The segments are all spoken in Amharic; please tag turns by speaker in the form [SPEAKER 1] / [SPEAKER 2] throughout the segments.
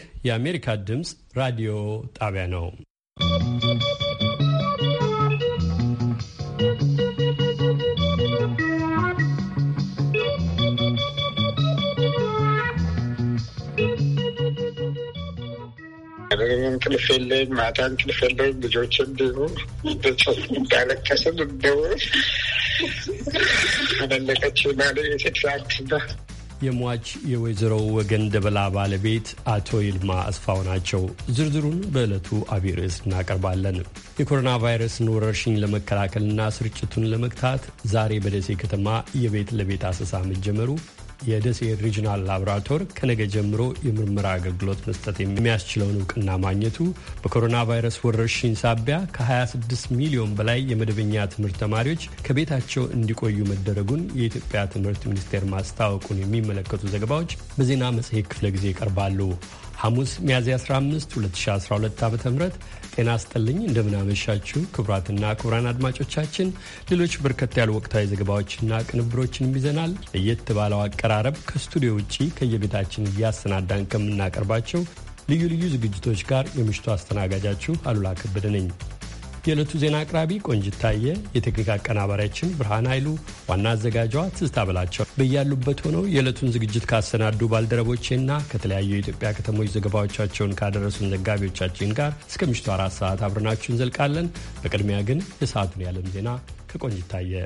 [SPEAKER 1] ይህ የአሜሪካ ድምፅ ራዲዮ ጣቢያ ነው።
[SPEAKER 2] እንቅልፍ የለኝ፣ ማታ እንቅልፍ የለኝ። ልጆች እንዲሁ እንዳለቀስም እንደው አለቀች ባለ የሴት
[SPEAKER 1] የሟች የወይዘሮ ወገን ደበላ ባለቤት አቶ ይልማ አስፋው ናቸው። ዝርዝሩን በዕለቱ አብይ ርዕስ እናቀርባለን። የኮሮና ቫይረስን ወረርሽኝ ለመከላከልና ስርጭቱን ለመግታት ዛሬ በደሴ ከተማ የቤት ለቤት አሰሳ መጀመሩ የደሴ ሪጅናል ላቦራቶር ከነገ ጀምሮ የምርመራ አገልግሎት መስጠት የሚያስችለውን እውቅና ማግኘቱ በኮሮና ቫይረስ ወረርሽኝ ሳቢያ ከ26 ሚሊዮን በላይ የመደበኛ ትምህርት ተማሪዎች ከቤታቸው እንዲቆዩ መደረጉን የኢትዮጵያ ትምህርት ሚኒስቴር ማስታወቁን የሚመለከቱ ዘገባዎች በዜና መጽሔት ክፍለ ጊዜ ይቀርባሉ። ሐሙስ ሚያዝያ 15 2012 ዓ ም ጤና ስጥልኝ እንደምናመሻችሁ ክቡራትና ክቡራን አድማጮቻችን ሌሎች በርከት ያሉ ወቅታዊ ዘገባዎችና ቅንብሮችንም ይዘናል። ለየት ባለው አቀራረብ ከስቱዲዮ ውጪ ከየቤታችን እያሰናዳን ከምናቀርባቸው ልዩ ልዩ ዝግጅቶች ጋር የምሽቱ አስተናጋጃችሁ አሉላ ከበደ ነኝ። የዕለቱ ዜና አቅራቢ ቆንጅታየ፣ የቴክኒክ አቀናባሪያችን ብርሃን ኃይሉ፣ ዋና አዘጋጇ ትዝታ በላቸው በያሉበት ሆነው የዕለቱን ዝግጅት ካሰናዱ ባልደረቦቼና ከተለያዩ የኢትዮጵያ ከተሞች ዘገባዎቻቸውን ካደረሱን ዘጋቢዎቻችን ጋር እስከ ምሽቱ አራት ሰዓት አብረናችሁ እንዘልቃለን። በቅድሚያ ግን የሰዓቱን ያለም ዜና ከቆንጅታየ።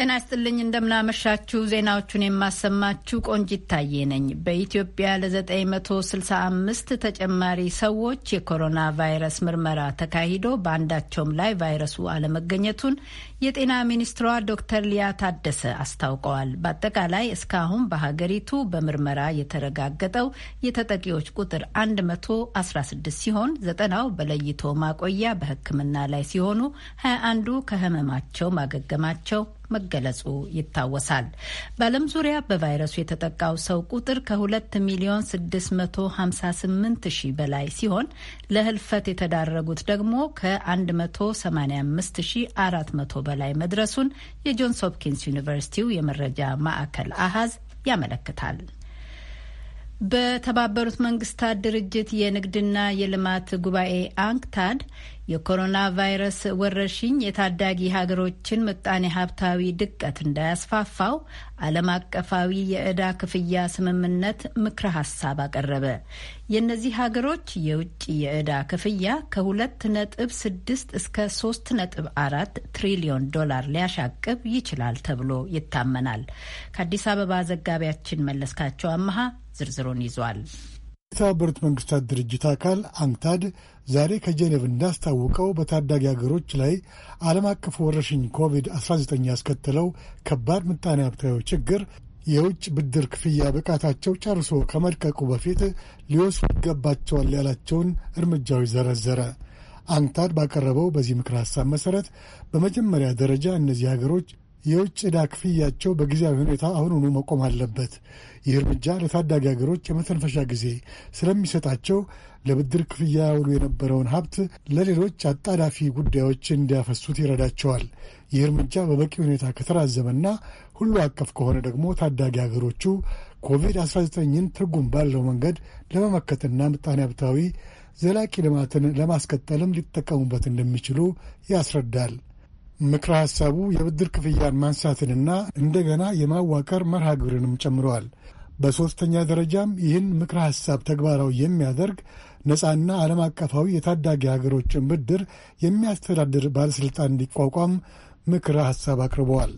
[SPEAKER 3] ጤና ይስጥልኝ እንደምናመሻችሁ። ዜናዎቹን የማሰማችሁ ቆንጅ ይታየ ነኝ። በኢትዮጵያ ለ965 ተጨማሪ ሰዎች የኮሮና ቫይረስ ምርመራ ተካሂዶ በአንዳቸውም ላይ ቫይረሱ አለመገኘቱን የጤና ሚኒስትሯ ዶክተር ሊያ ታደሰ አስታውቀዋል። በአጠቃላይ እስካሁን በሀገሪቱ በምርመራ የተረጋገጠው የተጠቂዎች ቁጥር 116 ሲሆን ዘጠናው በለይቶ ማቆያ በሕክምና ላይ ሲሆኑ 21ዱ ከህመማቸው ማገገማቸው መገለጹ ይታወሳል። በዓለም ዙሪያ በቫይረሱ የተጠቃው ሰው ቁጥር ከ2 ሚሊዮን 658 ሺህ በላይ ሲሆን ለህልፈት የተዳረጉት ደግሞ ከ185 ሺህ 400 በላይ መድረሱን የጆንስ ሆፕኪንስ ዩኒቨርሲቲው የመረጃ ማዕከል አሃዝ ያመለክታል። በተባበሩት መንግስታት ድርጅት የንግድና የልማት ጉባኤ አንክታድ የኮሮና ቫይረስ ወረርሽኝ የታዳጊ ሀገሮችን ምጣኔ ሀብታዊ ድቀት እንዳያስፋፋው ዓለም አቀፋዊ የዕዳ ክፍያ ስምምነት ምክረ ሀሳብ አቀረበ። የእነዚህ ሀገሮች የውጭ የዕዳ ክፍያ ከሁለት ነጥብ ስድስት እስከ ሶስት ነጥብ አራት ትሪሊዮን ዶላር ሊያሻቅብ ይችላል ተብሎ ይታመናል። ከአዲስ አበባ ዘጋቢያችን መለስካቸው አመሃ ዝርዝሩን ይዟል።
[SPEAKER 4] የተባበሩት መንግስታት ድርጅት አካል አንክታድ ዛሬ ከጄኔቭ እንዳስታወቀው በታዳጊ ሀገሮች ላይ ዓለም አቀፍ ወረርሽኝ ኮቪድ-19 ያስከተለው ከባድ ምጣኔ ሀብታዊ ችግር የውጭ ብድር ክፍያ ብቃታቸው ጨርሶ ከመድቀቁ በፊት ሊወስዱ ይገባቸዋል ያላቸውን እርምጃዎች ዘረዘረ። አንክታድ ባቀረበው በዚህ ምክር ሐሳብ መሠረት በመጀመሪያ ደረጃ እነዚህ ሀገሮች የውጭ ዕዳ ክፍያቸው በጊዜያዊ ሁኔታ አሁኑኑ መቆም አለበት። ይህ እርምጃ ለታዳጊ ሀገሮች የመተንፈሻ ጊዜ ስለሚሰጣቸው ለብድር ክፍያ ያውሉ የነበረውን ሀብት ለሌሎች አጣዳፊ ጉዳዮች እንዲያፈሱት ይረዳቸዋል። ይህ እርምጃ በበቂ ሁኔታ ከተራዘመና ሁሉ አቀፍ ከሆነ ደግሞ ታዳጊ ሀገሮቹ ኮቪድ-19ን ትርጉም ባለው መንገድ ለመመከትና ምጣኔ ሀብታዊ ዘላቂ ልማትን ለማስቀጠልም ሊጠቀሙበት እንደሚችሉ ያስረዳል። ምክረ ሐሳቡ የብድር ክፍያን ማንሳትንና እንደገና የማዋቀር መርሃ ግብርንም ጨምረዋል። በሦስተኛ ደረጃም ይህን ምክረ ሐሳብ ተግባራዊ የሚያደርግ ነፃና ዓለም አቀፋዊ የታዳጊ ሀገሮችን ብድር የሚያስተዳድር ባለሥልጣን እንዲቋቋም ምክረ ሐሳብ አቅርበዋል።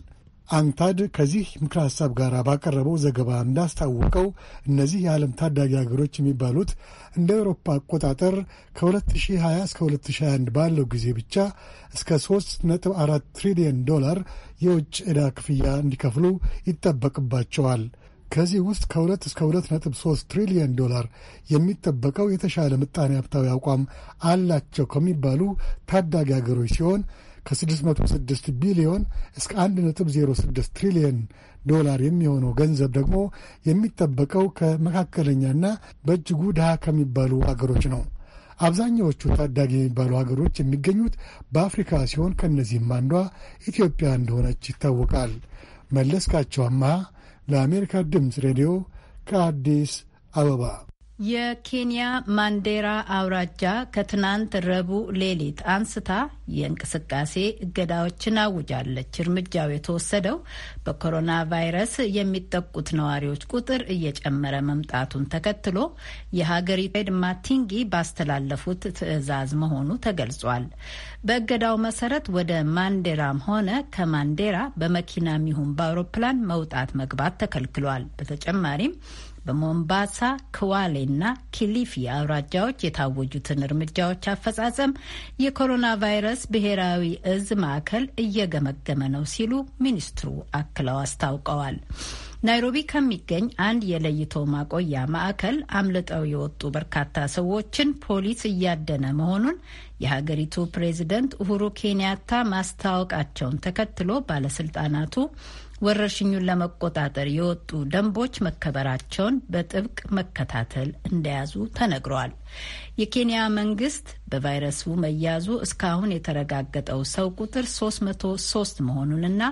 [SPEAKER 4] አንታድ ከዚህ ምክረ ሀሳብ ጋር ባቀረበው ዘገባ እንዳስታወቀው እነዚህ የዓለም ታዳጊ ሀገሮች የሚባሉት እንደ አውሮፓ አቆጣጠር ከ2020 እስከ 2021 ባለው ጊዜ ብቻ እስከ 3.4 ትሪሊየን ዶላር የውጭ ዕዳ ክፍያ እንዲከፍሉ ይጠበቅባቸዋል። ከዚህ ውስጥ ከ2 እስከ 2.3 ትሪሊየን ዶላር የሚጠበቀው የተሻለ ምጣኔ ሀብታዊ አቋም አላቸው ከሚባሉ ታዳጊ ሀገሮች ሲሆን ከ606 ቢሊዮን እስከ 1.06 ትሪሊየን ዶላር የሚሆነው ገንዘብ ደግሞ የሚጠበቀው ከመካከለኛና በእጅጉ ድሃ ከሚባሉ ሀገሮች ነው። አብዛኛዎቹ ታዳጊ የሚባሉ ሀገሮች የሚገኙት በአፍሪካ ሲሆን ከእነዚህም አንዷ ኢትዮጵያ እንደሆነች ይታወቃል። መለስካቸው አማሃ ለአሜሪካ ድምፅ ሬዲዮ ከአዲስ አበባ።
[SPEAKER 3] የኬንያ ማንዴራ አውራጃ ከትናንት ረቡዕ ሌሊት አንስታ የእንቅስቃሴ እገዳዎችን አውጃለች። እርምጃው የተወሰደው በኮሮና ቫይረስ የሚጠቁት ነዋሪዎች ቁጥር እየጨመረ መምጣቱን ተከትሎ የሀገሪቱ ማቲንጊ ባስተላለፉት ትዕዛዝ መሆኑ ተገልጿል። በእገዳው መሰረት ወደ ማንዴራም ሆነ ከማንዴራ በመኪናም ይሁን በአውሮፕላን መውጣት መግባት ተከልክሏል። በተጨማሪም በሞምባሳ ክዋሌና ኪሊፊ አውራጃዎች የታወጁትን እርምጃዎች አፈጻጸም የኮሮና ቫይረስ መንፈስ ብሔራዊ እዝ ማዕከል እየገመገመ ነው ሲሉ ሚኒስትሩ አክለው አስታውቀዋል። ናይሮቢ ከሚገኝ አንድ የለይቶ ማቆያ ማዕከል አምልጠው የወጡ በርካታ ሰዎችን ፖሊስ እያደነ መሆኑን የሀገሪቱ ፕሬዝደንት ኡሁሩ ኬንያታ ማስታወቃቸውን ተከትሎ ባለስልጣናቱ ወረርሽኙን ለመቆጣጠር የወጡ ደንቦች መከበራቸውን በጥብቅ መከታተል እንደያዙ ተነግሯል። የኬንያ መንግስት በቫይረሱ መያዙ እስካሁን የተረጋገጠው ሰው ቁጥር 303 መሆኑንና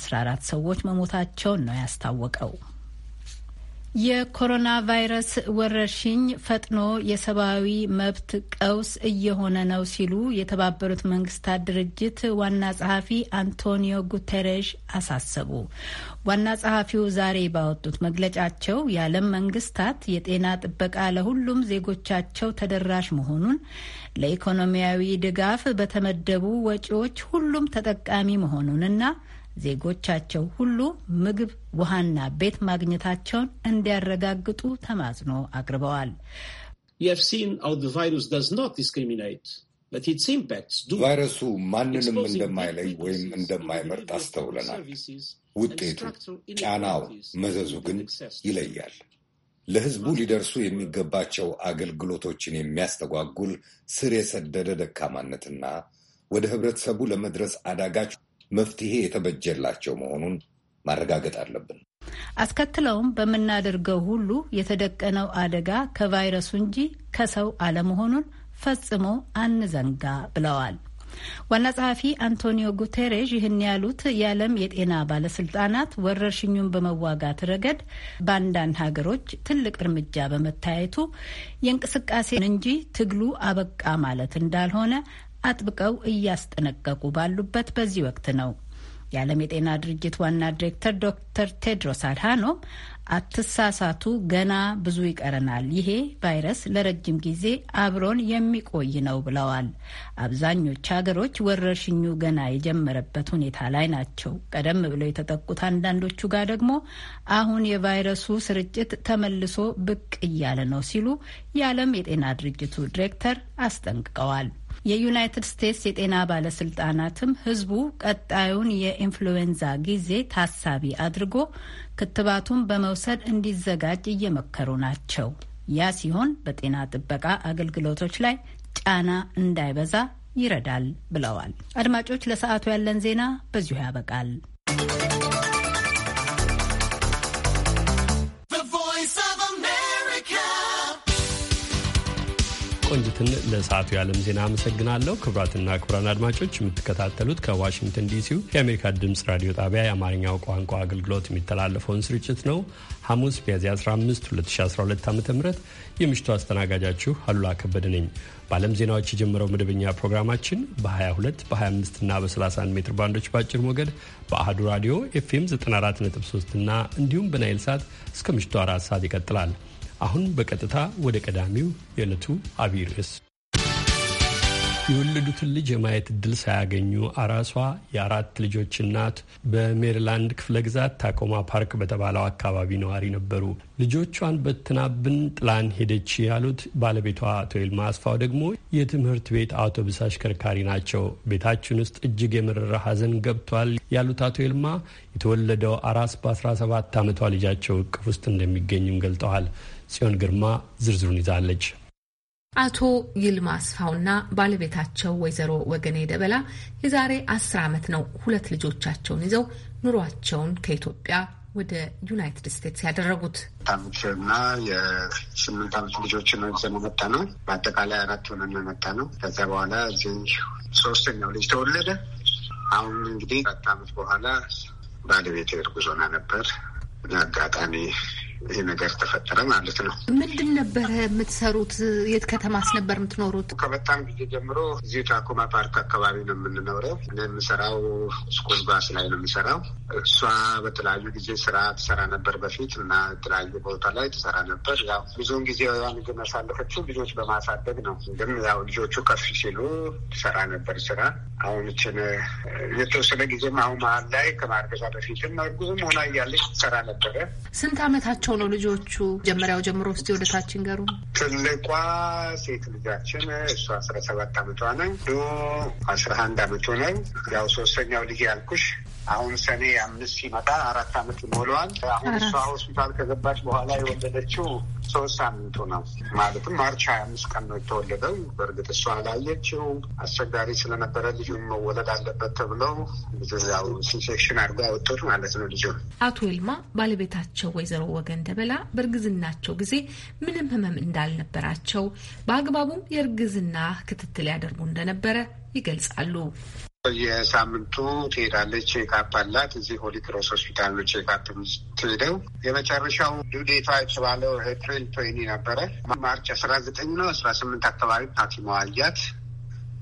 [SPEAKER 3] 14 ሰዎች መሞታቸውን ነው ያስታወቀው። የኮሮና ቫይረስ ወረርሽኝ ፈጥኖ የሰብአዊ መብት ቀውስ እየሆነ ነው ሲሉ የተባበሩት መንግስታት ድርጅት ዋና ጸሐፊ አንቶኒዮ ጉተሬሽ አሳሰቡ። ዋና ጸሐፊው ዛሬ ባወጡት መግለጫቸው የዓለም መንግስታት የጤና ጥበቃ ለሁሉም ዜጎቻቸው ተደራሽ መሆኑን፣ ለኢኮኖሚያዊ ድጋፍ በተመደቡ ወጪዎች ሁሉም ተጠቃሚ መሆኑንና ዜጎቻቸው ሁሉ ምግብ፣ ውሃና ቤት ማግኘታቸውን እንዲያረጋግጡ ተማጽኖ
[SPEAKER 5] አቅርበዋል።
[SPEAKER 6] ቫይረሱ ማንንም እንደማይለይ ወይም እንደማይመርጥ አስተውለናል።
[SPEAKER 7] ውጤቱ፣ ጫናው፣
[SPEAKER 6] መዘዙ ግን ይለያል። ለሕዝቡ ሊደርሱ የሚገባቸው አገልግሎቶችን የሚያስተጓጉል ስር የሰደደ ደካማነትና ወደ ህብረተሰቡ ለመድረስ አዳጋች መፍትሄ የተበጀላቸው መሆኑን ማረጋገጥ አለብን።
[SPEAKER 3] አስከትለውም በምናደርገው ሁሉ የተደቀነው አደጋ ከቫይረሱ እንጂ ከሰው አለመሆኑን ፈጽሞ አንዘንጋ ብለዋል። ዋና ጸሐፊ አንቶኒዮ ጉቴሬዥ ይህን ያሉት የዓለም የጤና ባለስልጣናት ወረርሽኙን በመዋጋት ረገድ በአንዳንድ ሀገሮች ትልቅ እርምጃ በመታየቱ የእንቅስቃሴን እንጂ ትግሉ አበቃ ማለት እንዳልሆነ አጥብቀው እያስጠነቀቁ ባሉበት በዚህ ወቅት ነው። የዓለም የጤና ድርጅት ዋና ዲሬክተር ዶክተር ቴድሮስ አድሃኖም አትሳሳቱ፣ ገና ብዙ ይቀረናል፣ ይሄ ቫይረስ ለረጅም ጊዜ አብሮን የሚቆይ ነው ብለዋል። አብዛኞቹ ሀገሮች ወረርሽኙ ገና የጀመረበት ሁኔታ ላይ ናቸው። ቀደም ብለው የተጠቁት አንዳንዶቹ ጋር ደግሞ አሁን የቫይረሱ ስርጭት ተመልሶ ብቅ እያለ ነው ሲሉ የዓለም የጤና ድርጅቱ ዲሬክተር አስጠንቅቀዋል። የዩናይትድ ስቴትስ የጤና ባለስልጣናትም ህዝቡ ቀጣዩን የኢንፍሉዌንዛ ጊዜ ታሳቢ አድርጎ ክትባቱን በመውሰድ እንዲዘጋጅ እየመከሩ ናቸው። ያ ሲሆን በጤና ጥበቃ አገልግሎቶች ላይ ጫና እንዳይበዛ ይረዳል ብለዋል። አድማጮች፣ ለሰዓቱ ያለን ዜና በዚሁ ያበቃል።
[SPEAKER 1] ቆንጅትን ለሰዓቱ የዓለም ዜና አመሰግናለሁ። ክቡራትና ክቡራን አድማጮች የምትከታተሉት ከዋሽንግተን ዲሲው የአሜሪካ ድምፅ ራዲዮ ጣቢያ የአማርኛው ቋንቋ አገልግሎት የሚተላለፈውን ስርጭት ነው። ሐሙስ ሚያዝያ 15 2012 ዓ ም የምሽቱ አስተናጋጃችሁ አሉላ ከበደ ነኝ። በዓለም ዜናዎች የጀመረው መደበኛ ፕሮግራማችን በ22 በ25 እና በ31 ሜትር ባንዶች በአጭር ሞገድ በአህዱ ራዲዮ ኤፍኤም 943 እና እንዲሁም በናይል ሰዓት እስከ ምሽቱ አራት ሰዓት ይቀጥላል። አሁን በቀጥታ ወደ ቀዳሚው የዕለቱ አብይ ርዕስ የወለዱትን ልጅ የማየት እድል ሳያገኙ አራሷ የአራት ልጆች እናት በሜሪላንድ ክፍለ ግዛት ታኮማ ፓርክ በተባለው አካባቢ ነዋሪ ነበሩ። ልጆቿን በትናብን ጥላን ሄደች ያሉት ባለቤቷ አቶ ይልማ አስፋው ደግሞ የትምህርት ቤት አውቶቡስ አሽከርካሪ ናቸው። ቤታችን ውስጥ እጅግ የመረረ ሐዘን ገብቷል ያሉት አቶ ይልማ የተወለደው አራስ በ17 ዓመቷ ልጃቸው እቅፍ ውስጥ እንደሚገኙም ገልጠዋል። ጽዮን ግርማ ዝርዝሩን ይዛለች።
[SPEAKER 8] አቶ ይልማ አስፋውና ባለቤታቸው ወይዘሮ ወገኔ ደበላ የዛሬ አስር ዓመት ነው ሁለት ልጆቻቸውን ይዘው ኑሯቸውን ከኢትዮጵያ ወደ ዩናይትድ ስቴትስ ያደረጉት
[SPEAKER 2] ታምትና የስምንት ዓመት ልጆችን ነው ይዘን መጣ ነው። በአጠቃላይ አራት ሆነን መጣ ነው። ከዚያ በኋላ እዚህ ሶስተኛው ልጅ ተወለደ። አሁን እንግዲህ አራት ዓመት በኋላ ባለቤት እርጉዝ ነበር። አጋጣሚ ይሄ ነገር ተፈጠረ ማለት ነው።
[SPEAKER 8] ምንድን ነበረ የምትሰሩት? የት ከተማስ ነበር የምትኖሩት? ከበጣም
[SPEAKER 2] ጊዜ ጀምሮ እዚሁ ታኮማ ፓርክ አካባቢ ነው የምንኖረው። የምሰራው ስኩል ባስ ላይ ነው የምሰራው። እሷ በተለያዩ ጊዜ ስራ ትሰራ ነበር በፊት እና የተለያዩ ቦታ ላይ ትሰራ ነበር። ያው ብዙውን ጊዜ ያን ግን ያሳለፈችው ልጆች በማሳደግ ነው። ግን ያው ልጆቹ ከፍ ሲሉ ትሰራ ነበር ስራ። አሁን ችን የተወሰነ ጊዜም አሁን መሀል ላይ ከማርገዛ በፊትም እርጉዝም ሆና እያለች ትሰራ ነበረ።
[SPEAKER 8] ስንት አመታቸው ሰው ነው ልጆቹ? መጀመሪያው ጀምሮ እስቲ ወደ ታችን ገሩ።
[SPEAKER 2] ትልቋ ሴት ልጃችን እሱ አስራ ሰባት አመቷ ነው። ዶ አስራ አንድ አመቱ ነው። ያው ሶስተኛው ልጅ ያልኩሽ አሁን ሰኔ አምስት ሲመጣ አራት አመት ይሞላዋል። አሁን እሷ ሆስፒታል ከገባች በኋላ የወለደችው ሶስት ሳምንቱ ነው። ማለትም ማርች ሀያ አምስት ቀን ነው የተወለደው። በእርግጥ እሷ አላየችው። አስቸጋሪ ስለነበረ ልጁ መወለድ አለበት ተብለው ልጁ ያው ሲሴክሽን አድርጎ አወጡት ማለት ነው ልጁ።
[SPEAKER 8] አቶ ይልማ ባለቤታቸው ወይዘሮ ወገን ደበላ በእርግዝናቸው ጊዜ ምንም ህመም እንዳልነበራቸው በአግባቡም የእርግዝና ክትትል ያደርጉ
[SPEAKER 2] እንደነበረ ይገልጻሉ። የሳምንቱ ትሄዳለች። ቼካፕ አላት። እዚህ ሆሊ ክሮስ ሆስፒታል ነው ቼካፕ የምትሄደው። የመጨረሻው ዱዴቷ የተባለው ኤፕሪል ትዌኒ ነበረ። ማርች አስራ ዘጠኝ ነው አስራ ስምንት አካባቢ ሐኪሟ አያት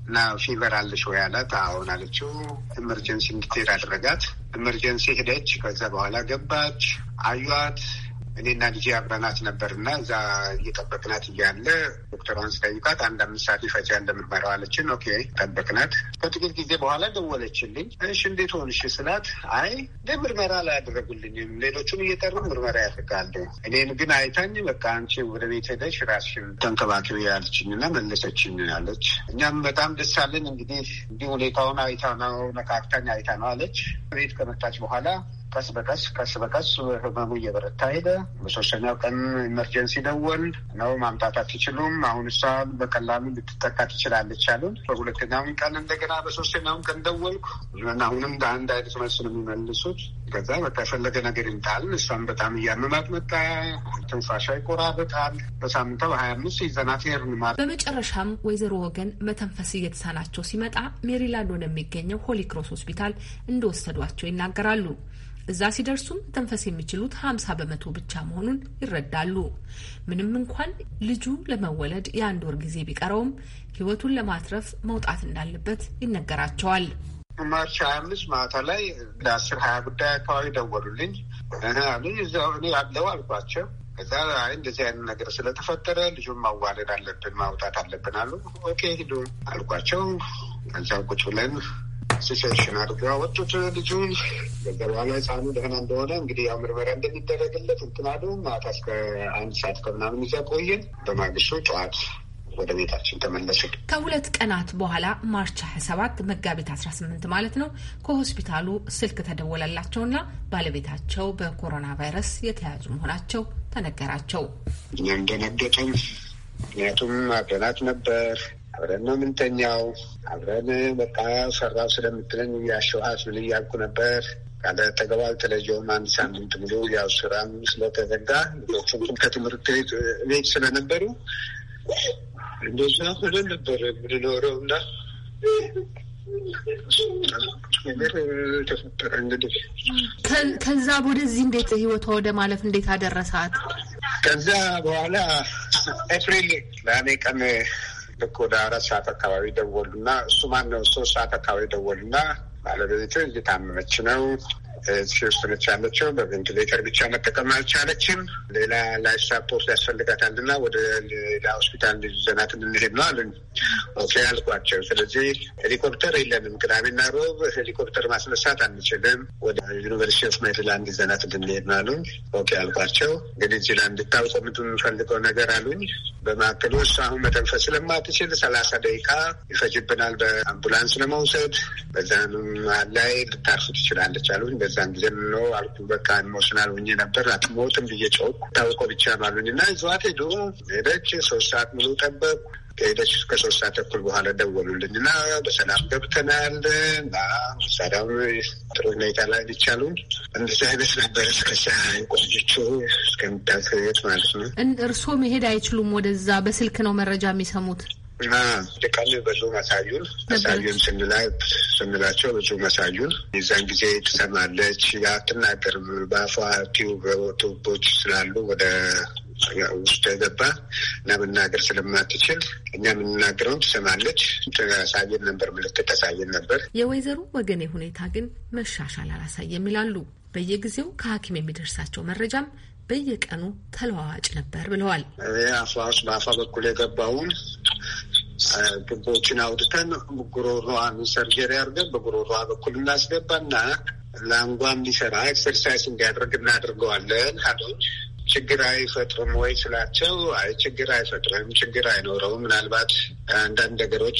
[SPEAKER 2] እና ፊቨር አለሽ ወይ አላት። አሁን አለችው። ኤመርጀንሲ እንድትሄድ አደረጋት። ኤመርጀንሲ ሄደች። ከዛ በኋላ ገባች አዩዋት እኔና ልጄ አብረናት ነበርና እዛ እየጠበቅናት እያለ ዶክተሯን ስጠይቃት አንድ አምስት ሰዓት ይፈጃ ለምርመራው አለችን። ኦኬ ጠበቅናት። ከጥቂት ጊዜ በኋላ ደወለችልኝ። እሺ እንዴት ሆንሽ ስላት አይ እንደ ምርመራ ላይ ያደረጉልኝም ሌሎቹን እየጠሩ ምርመራ ያደርጋሉ። እኔን ግን አይታኝ በቃ አንቺ ወደ ቤት ሄደሽ ራስሽን ተንከባክቢ ያለችኝ እና መለሰችን አለች። እኛም በጣም ደስ አለን። እንግዲህ እንዲህ ሁኔታውን አይታ ነው ነካክታኝ አይታ ነው አለች። ቤት ከመጣች በኋላ ቀስ በቀስ ቀስ በቀስ ህመሙ እየበረታ ሄደ። በሶስተኛው ቀን ኢመርጀንሲ ደወል ነው ማምጣት አትችሉም፣ አሁን እሷ በቀላሉ ልትጠቃ ትችላለች አሉን። በሁለተኛውም ቀን እንደገና በሶስተኛውም ቀን ደወልኩ አሁንም በአንድ አይነት መልስ ነው የሚመልሱት። ከዛ በቃ የፈለገ ነገር ይምጣል። እሷም በጣም እያመማት መጣ፣ ትንፋሻ ይቆራረጣል። በሳምንተው ሀያ አምስት ይዘናት ሄድን ማለት።
[SPEAKER 8] በመጨረሻም ወይዘሮ ወገን መተንፈስ እየተሳናቸው ሲመጣ ሜሪላንድ ወደሚገኘው ሆሊክሮስ ሆስፒታል እንደወሰዷቸው ይናገራሉ። እዛ ሲደርሱም መተንፈስ የሚችሉት 50 በመቶ ብቻ መሆኑን ይረዳሉ። ምንም እንኳን ልጁ ለመወለድ የአንድ ወር ጊዜ ቢቀረውም ህይወቱን ለማትረፍ መውጣት እንዳለበት ይነገራቸዋል።
[SPEAKER 2] ማርች 25 ማታ ላይ ለአስር ሀያ ጉዳይ አካባቢ ደወሉልኝ ልጅ እዚያው እኔ ያለው አልኳቸው። ከዛ አይ እንደዚህ አይነት ነገር ስለተፈጠረ ልጁን ማዋለድ አለብን ማውጣት አለብን አሉ። ኦኬ ሂዱ አልኳቸው። ከዛ ቁጭ ብለን ሲሴሽን አድርጋ ወጡት ልጁን በዛ በኋላ ህፃኑ ደህና እንደሆነ እንግዲህ ያው ምርመራ እንደሚደረግለት እንትናሉ ማታ እስከ አንድ ሰዓት ከምናምን ይዛ ቆየን። በማግስቱ ጠዋት ወደ ቤታችን ተመለስን።
[SPEAKER 8] ከሁለት ቀናት በኋላ ማርች 27 መጋቢት 18 ማለት ነው ከሆስፒታሉ ስልክ ተደወለላቸውና ባለቤታቸው በኮሮና ቫይረስ የተያዙ መሆናቸው ተነገራቸው።
[SPEAKER 2] እኛም ደነገጥን። ምክንያቱም አብረናት ነበር አብረን ነው የምንተኛው። አብረን በቃ ሰራው ስለምትለኝ እያሸዋት ምን እያልኩ ነበር ካለ ተገባል ተለጀውም አንድ ሳምንት ሙሉ ያው ስራም ስለተዘጋ ልጆቹም ከትምህርት ቤት ቤት ስለነበሩ እንደዛ ሆነ ነበር የምንኖረው እና ተፈጠረ እንግዲህ
[SPEAKER 8] ከዛ ወደዚህ እንዴት ህይወቷ ወደ ማለፍ እንዴት አደረሳት?
[SPEAKER 2] ከዛ በኋላ ኤፕሪል ለእኔ ቀን ልክ ወደ አራት ሰዓት አካባቢ ደወሉና እሱ ማነው ሶስት ሰዓት አካባቢ ደወሉና ባለቤቱ እየታመመች ነው የተወሰነች አለችው። በቬንቲሌተር ብቻ መጠቀም አልቻለችም። ሌላ ላይፍ ሳፖርት ያስፈልጋታል እና ወደ ሌላ ሆስፒታል ዘናት እንሄድ ነው አሉኝ። ኦኬ አልኳቸው። ስለዚህ ሄሊኮፕተር የለንም፣ ቅዳሜና ሮብ ሄሊኮፕተር ማስነሳት አንችልም። ወደ ዩኒቨርሲቲ ኦፍ ሜሪላንድ ዘናት እንሄድ ነው አሉኝ። ኦኬ አልኳቸው። ግን እዚህ ላይ እንድታውቅ የምንፈልገው ነገር አሉኝ። በመካከል ውስጥ አሁን መተንፈስ ስለማትችል ሰላሳ ደቂቃ ይፈጅብናል በአምቡላንስ ለመውሰድ በዛንም ላይ ልታርፍ ትችላለች አሉኝ። በዛን ጊዜ ምነው አልኩ በቃ ኢሞሽናል ሁኜ ነበር። አጥሞትም ብዬ ጮኩ። ታውቆ ብቻ ባሉኝ እና ይዘዋት ሄዱ። ሄደች። ሶስት ሰዓት ሙሉ ጠበቅ ከሄደች ከሶስት ሰዓት ተኩል በኋላ ደወሉልኝ እና በሰላም ገብተናል እና ሰላም ጥሩ ሁኔታ ላይ ሊቻሉን እንደዚህ አይነት ነበር እስከሳ ቆንጆቹ እስከሚታሰየት ማለት ነው። እርስዎ
[SPEAKER 8] መሄድ አይችሉም ወደዛ፣ በስልክ ነው መረጃ የሚሰሙት
[SPEAKER 2] እና ደቀን ብዙ መሳዩን መሳዩን ስንላቸው ብዙ መሳዩን የዛን ጊዜ ትሰማለች። አትናገርም፣ በአፏ ቲዩብ ቱቦች ስላሉ ወደ ውስጥ የገባ እና መናገር ስለማትችል እኛ የምንናገረውን ትሰማለች። ተሳየን ነበር፣ ምልክት ተሳየን ነበር።
[SPEAKER 8] የወይዘሮ ወገኔ ሁኔታ ግን መሻሻል አላሳየም ይላሉ። በየጊዜው ከሐኪም የሚደርሳቸው መረጃም በየቀኑ ተለዋዋጭ ነበር ብለዋል።
[SPEAKER 2] አፏ ውስጥ በአፏ በኩል የገባውን ግቦችን አውድተን ጉሮሯን ሰርጀሪ አድርገን በጉሮሯ በኩል እናስገባና ላንጓ የሚሰራ ኤክሰርሳይዝ እንዲያደርግ እናደርገዋለን አሉኝ። ችግር አይፈጥሩም ወይ ስላቸው፣ አይ ችግር አይፈጥርም፣ ችግር አይኖረውም። ምናልባት አንዳንድ ነገሮች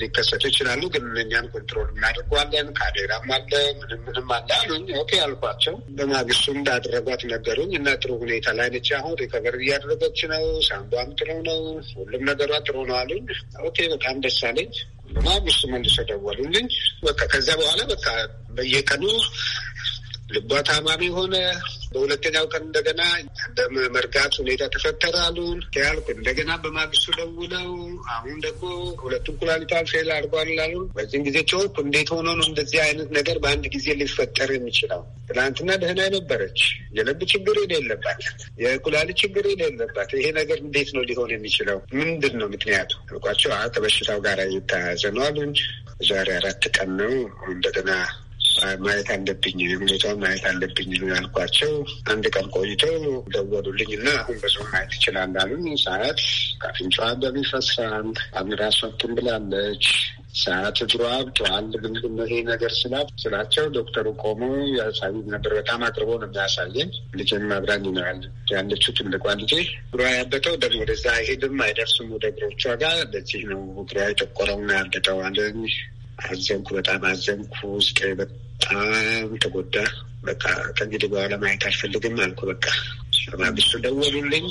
[SPEAKER 2] ሊከሰቱ ይችላሉ፣ ግን እኛን ኮንትሮል እናደርጓለን፣ ካሜራም አለ፣ ምንም ምንም አለ አሉኝ። ኦኬ አልኳቸው። በማግስቱ እንዳደረጓት ነገሩኝ እና ጥሩ ሁኔታ ላይ ነች፣ አሁን ሪከቨር እያደረገች ነው፣ ሳንቧም ጥሩ ነው፣ ሁሉም ነገሯ ጥሩ ነው አሉኝ። ኦኬ በጣም ደስ አለኝ። በማግስቱ መልሰው ደወሉልኝ። በቃ ከዚያ በኋላ በቃ በየቀኑ ልቧ ታማሚ ሆነ። በሁለተኛው ቀን እንደገና ደም መርጋት ሁኔታ ተፈጠረ አሉን። ያልኩ እንደገና በማግስቱ ደውለው አሁን ደግሞ ሁለቱም ኩላሊቷን ፌል አድርጓል በዚህም ጊዜ ጮክ። እንዴት ሆኖ ነው እንደዚህ አይነት ነገር በአንድ ጊዜ ሊፈጠር የሚችለው? ትናንትና ደህና ነበረች፣ የልብ ችግር የሌለባት፣ የኩላሊት ችግር የሌለባት፣ ይሄ ነገር እንዴት ነው ሊሆን የሚችለው? ምንድን ነው ምክንያቱ አልኳቸው። ከበሽታው ጋር እየተያያዘ ነው አሉን። ዛሬ አራት ቀን ነው እንደገና ማየት አለብኝ ሁኔታ ማየት አለብኝ ያልኳቸው አንድ ቀን ቆይተው ደወሉልኝ እና አሁን በዙ ማየት ይችላል አሉኝ። ሰዓት ከአፍንጫዋ ደም ይፈሳል፣ ራሷ ብላለች፣ ሰዓት እግሯ አብጧል። ምንድን ነው ይሄ ነገር ስላት ስላቸው ዶክተሩ ቆሞ ያሳዩ ነበር። በጣም አቅርቦ ነው የሚያሳየን። ልጅን ማብራን ይነዋል ያለችው ትልቋ ልጄ እግሯ ያበጠው ደግሞ ወደዛ አይሄድም አይደርስም ወደ እግሮቿ ጋር ለዚህ ነው እግሯ የጠቆረውና ያበጠው አለኝ። አዘንኩ፣ በጣም አዘንኩ ውስጥ በጣም ተጎዳ። በቃ ከእንግዲህ በኋላ ማየት አልፈልግም አልኩ። በቃ ማግስቱ ደወሉልኝ።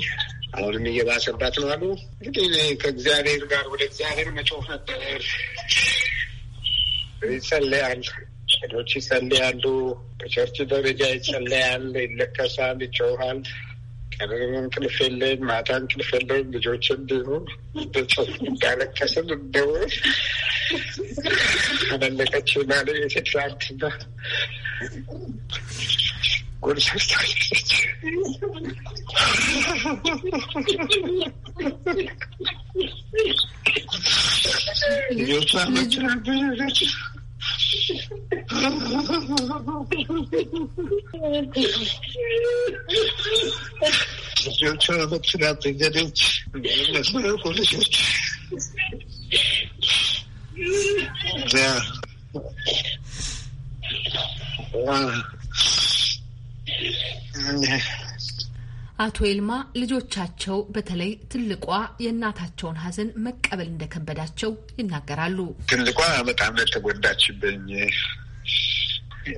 [SPEAKER 2] አሁንም እየባሰባት ነው አሉ። እንግዲህ ከእግዚአብሔር ጋር ወደ እግዚአብሔር መጮህ ነበር። ይጸለያል፣ ሄዶች ይጸለያሉ፣ በቸርች ደረጃ ይጸለያል፣ ይለከሳል፣ ይጮሃል ቀንም እንቅልፍ የለኝ፣ ማታ እንቅልፍ የለኝ። ልጆች እንዲሁ እንዳለቀስን እንደውስ አላለቀች ባለ የሴትላንትና ጎልሰስታለች ልጆቿ መችላል ልጆቹ አመትናት እንግዲህ እንደምመስለው ልጆች Yeah.
[SPEAKER 8] አቶ ኤልማ ልጆቻቸው በተለይ ትልቋ የእናታቸውን ሀዘን መቀበል እንደከበዳቸው ይናገራሉ።
[SPEAKER 2] ትልቋ በጣም ተጎዳችብኝ።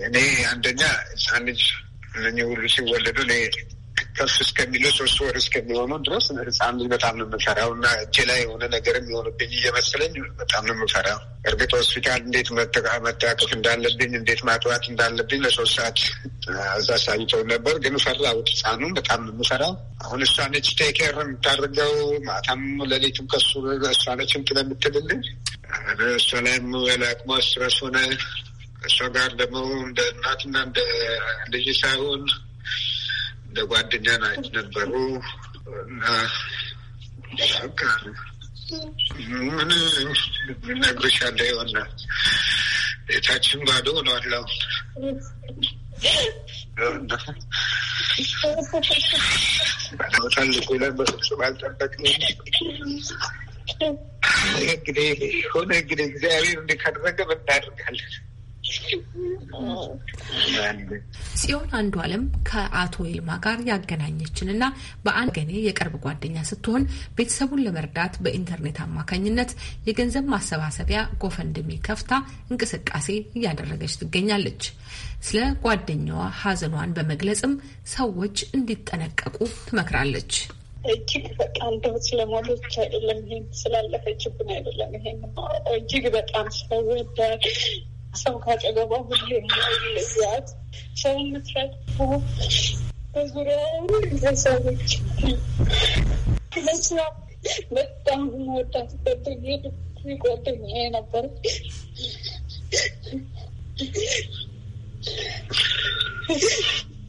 [SPEAKER 2] እኔ አንደኛ ህፃን ልጅ ሁሉ ሲወለዱ ከፍ እስከሚለው ሶስት ወር እስከሚሆነው ድረስ ህፃን በጣም ነው የምፈራው እና እጅ ላይ የሆነ ነገር የሚሆንብኝ እየመሰለኝ በጣም ነው የምፈራው። እርግጥ ሆስፒታል እንዴት መታቀፍ እንዳለብኝ እንዴት ማጥዋት እንዳለብኝ ለሶስት ሰዓት እዛ ነበር፣ ግን ፈራሁት። ህፃኑ በጣም ነው የምፈራው። አሁን እሷ ነች ቴክ የምታደርገው ማታም ሌሊትም ከሱ እሷ ነች እንትን የምትልልኝ እሷ ላይም ያለአቅሟ ስትረስ ሆነ እሷ ጋር ደግሞ እንደ እናትና እንደ ልጅ ሳይሆን እንደ ጓደኛ ናች ነበሩ እና ምን ነግሮች አለ የሆነ ቤታችን ባዶ ሆኗል። አሁን ታልቁ ብለን እንግዲህ ሆነ እንግዲህ እግዚአብሔር እንዲህ እናደርጋለን?
[SPEAKER 8] ጽዮን አንዱ አለም ከአቶ ይልማ ጋር ያገናኘችን እና በአንድ ገኔ የቅርብ ጓደኛ ስትሆን ቤተሰቡን ለመርዳት በኢንተርኔት አማካኝነት የገንዘብ ማሰባሰቢያ ጎፈንድሚ ከፍታ እንቅስቃሴ እያደረገች ትገኛለች። ስለ ጓደኛዋ ሀዘኗን በመግለጽም ሰዎች እንዲጠነቀቁ ትመክራለች።
[SPEAKER 2] እጅግ በጣም ደው ስለሞሎች አይደለም ይሄን ስላለፈችብን አይደለም ይሄን እጅግ በጣም ስለወዳል ሰው ካጠገቧ ሁሌ የሚለያት ሰው የምትረግፉ በዙሪያው ሰዎች ለስራ በጣም ወዳት ጓደኛዬ ጓደኛዬ ነበረች።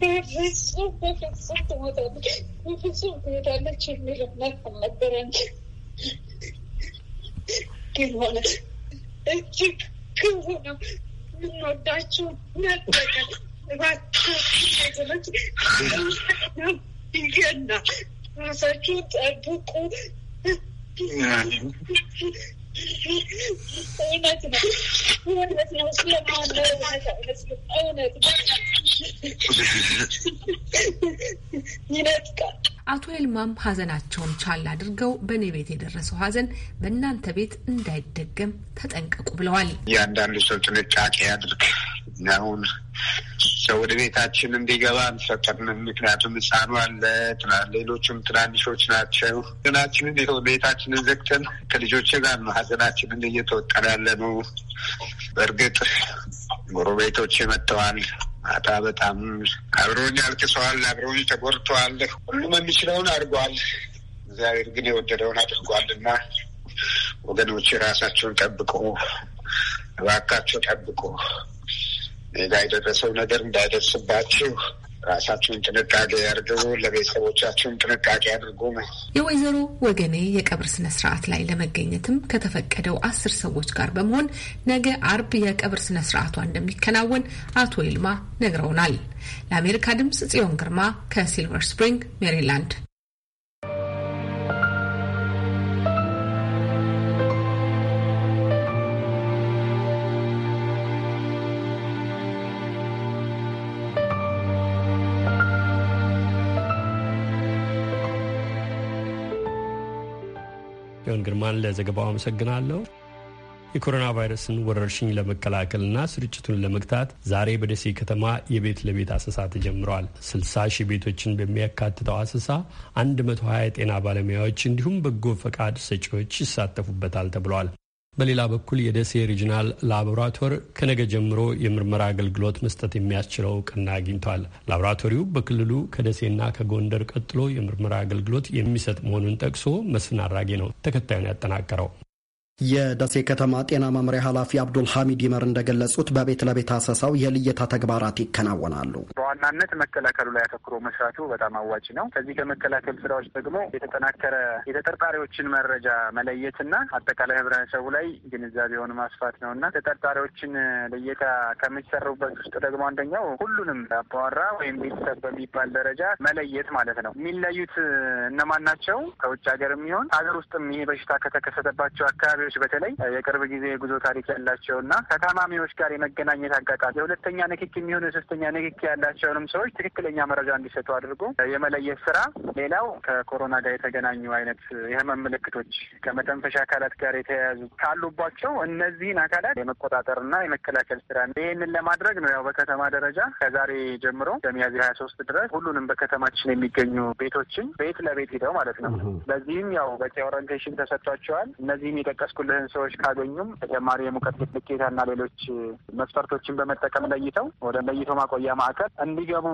[SPEAKER 8] በፍጹም በፍጹም ትሞታለች፣ በፍጹም ትሄዳለች የሚል
[SPEAKER 2] እምነት አልነበረኝ ግን ሆነ እጅግ ራሳችሁን ጠብቁ። እውነት
[SPEAKER 9] ነው፣ እውነት ነው። ስለማለ እውነት ይነጥቃል።
[SPEAKER 8] አቶ ኤልማም ሀዘናቸውን ቻል አድርገው በእኔ ቤት የደረሰው ሀዘን በእናንተ ቤት እንዳይደገም ተጠንቀ ብለዋል።
[SPEAKER 2] እያንዳንዱ ሰው ጥንቃቄ አድርግ። አሁን ሰው ወደ ቤታችን እንዲገባ አንፈቀድንም። ምክንያቱም ህፃኑ አለ፣ ሌሎችም ትናንሾች ናቸው። ሀዘናችንን ቤታችንን ዘግተን ከልጆች ጋር ነው ሀዘናችንን እየተወጠረ ያለ ነው። በእርግጥ ጎረቤቶች መጥተዋል። አታ በጣም አብሮኝ አልቅሰዋል፣ አብሮኝ ተጎድተዋል። ሁሉም የሚችለውን አድርጓል። እግዚአብሔር ግን የወደደውን አድርጓልና ወገኖች ራሳቸውን ጠብቆ እባካቸው ጠብቆ ጋ የደረሰው ነገር እንዳይደርስባችሁ ራሳቸውን ጥንቃቄ ያድርጉ። ለቤተሰቦቻቸውን ጥንቃቄ አድርጉ።
[SPEAKER 8] የወይዘሮ ወገኔ የቀብር ስነ ስርዓት ላይ ለመገኘትም ከተፈቀደው አስር ሰዎች ጋር በመሆን ነገ አርብ የቀብር ስነ ስርዓቷ እንደሚከናወን አቶ ይልማ ነግረውናል። ለአሜሪካ ድምጽ ጽዮን ግርማ ከሲልቨር ስፕሪንግ ሜሪላንድ
[SPEAKER 1] ጽዮን ግርማን ለዘገባው አመሰግናለሁ። የኮሮና ቫይረስን ወረርሽኝ ለመከላከልና ስርጭቱን ለመግታት ዛሬ በደሴ ከተማ የቤት ለቤት አሰሳ ተጀምረዋል። 60 ሺህ ቤቶችን በሚያካትተው አሰሳ 120 የጤና ባለሙያዎች እንዲሁም በጎ ፈቃድ ሰጪዎች ይሳተፉበታል ተብሏል። በሌላ በኩል የደሴ ሪጅናል ላቦራቶር ከነገ ጀምሮ የምርመራ አገልግሎት መስጠት የሚያስችለው እውቅና አግኝቷል። ላቦራቶሪው በክልሉ ከደሴና ከጎንደር ቀጥሎ የምርመራ አገልግሎት የሚሰጥ መሆኑን ጠቅሶ መስፍን አድራጌ ነው ተከታዩን ያጠናቀረው።
[SPEAKER 10] የደሴ ከተማ ጤና መምሪያ ኃላፊ አብዱል ሐሚድ ይመር እንደገለጹት በቤት ለቤት አሰሳው የልየታ ተግባራት ይከናወናሉ።
[SPEAKER 11] በዋናነት መከላከሉ ላይ አተኩሮ መስራቱ በጣም አዋጭ ነው። ከዚህ ከመከላከል ስራዎች ደግሞ የተጠናከረ የተጠርጣሪዎችን መረጃ መለየትና አጠቃላይ ህብረተሰቡ ላይ ግንዛቤውን ማስፋት ነው እና ተጠርጣሪዎችን ልየታ ከሚሰሩበት ውስጥ ደግሞ አንደኛው ሁሉንም አባወራ ወይም ቤተሰብ በሚባል ደረጃ መለየት ማለት ነው። የሚለዩት እነማን ናቸው? ከውጭ ሀገር የሚሆን ሀገር ውስጥም ይሄ በሽታ ከተከሰተባቸው አካባቢ ተማሪዎች በተለይ የቅርብ ጊዜ የጉዞ ታሪክ ያላቸው እና ከታማሚዎች ጋር የመገናኘት አጋጣሚ የሁለተኛ ንክኪ የሚሆን የሶስተኛ ንክኪ ያላቸውንም ሰዎች ትክክለኛ መረጃ እንዲሰጡ አድርጎ የመለየት ስራ። ሌላው ከኮሮና ጋር የተገናኙ አይነት የህመም ምልክቶች ከመተንፈሻ አካላት ጋር የተያያዙ ካሉባቸው እነዚህን አካላት የመቆጣጠርና የመከላከል ስራ ይህንን ለማድረግ ነው። ያው በከተማ ደረጃ ከዛሬ ጀምሮ ከሚያዝያ ሀያ ሶስት ድረስ ሁሉንም በከተማችን የሚገኙ ቤቶችን ቤት ለቤት ሂደው ማለት ነው። ለዚህም ያው በቂ ኦሪንቴሽን ተሰጥቷቸዋል። እነዚህም የጠቀስኩ የሚያውቁልህን ሰዎች ካገኙም ተጨማሪ የሙቀት ልኬታና ሌሎች መስፈርቶችን በመጠቀም ለይተው ወደ ለይቶ ማቆያ ማዕከል እንዲገቡ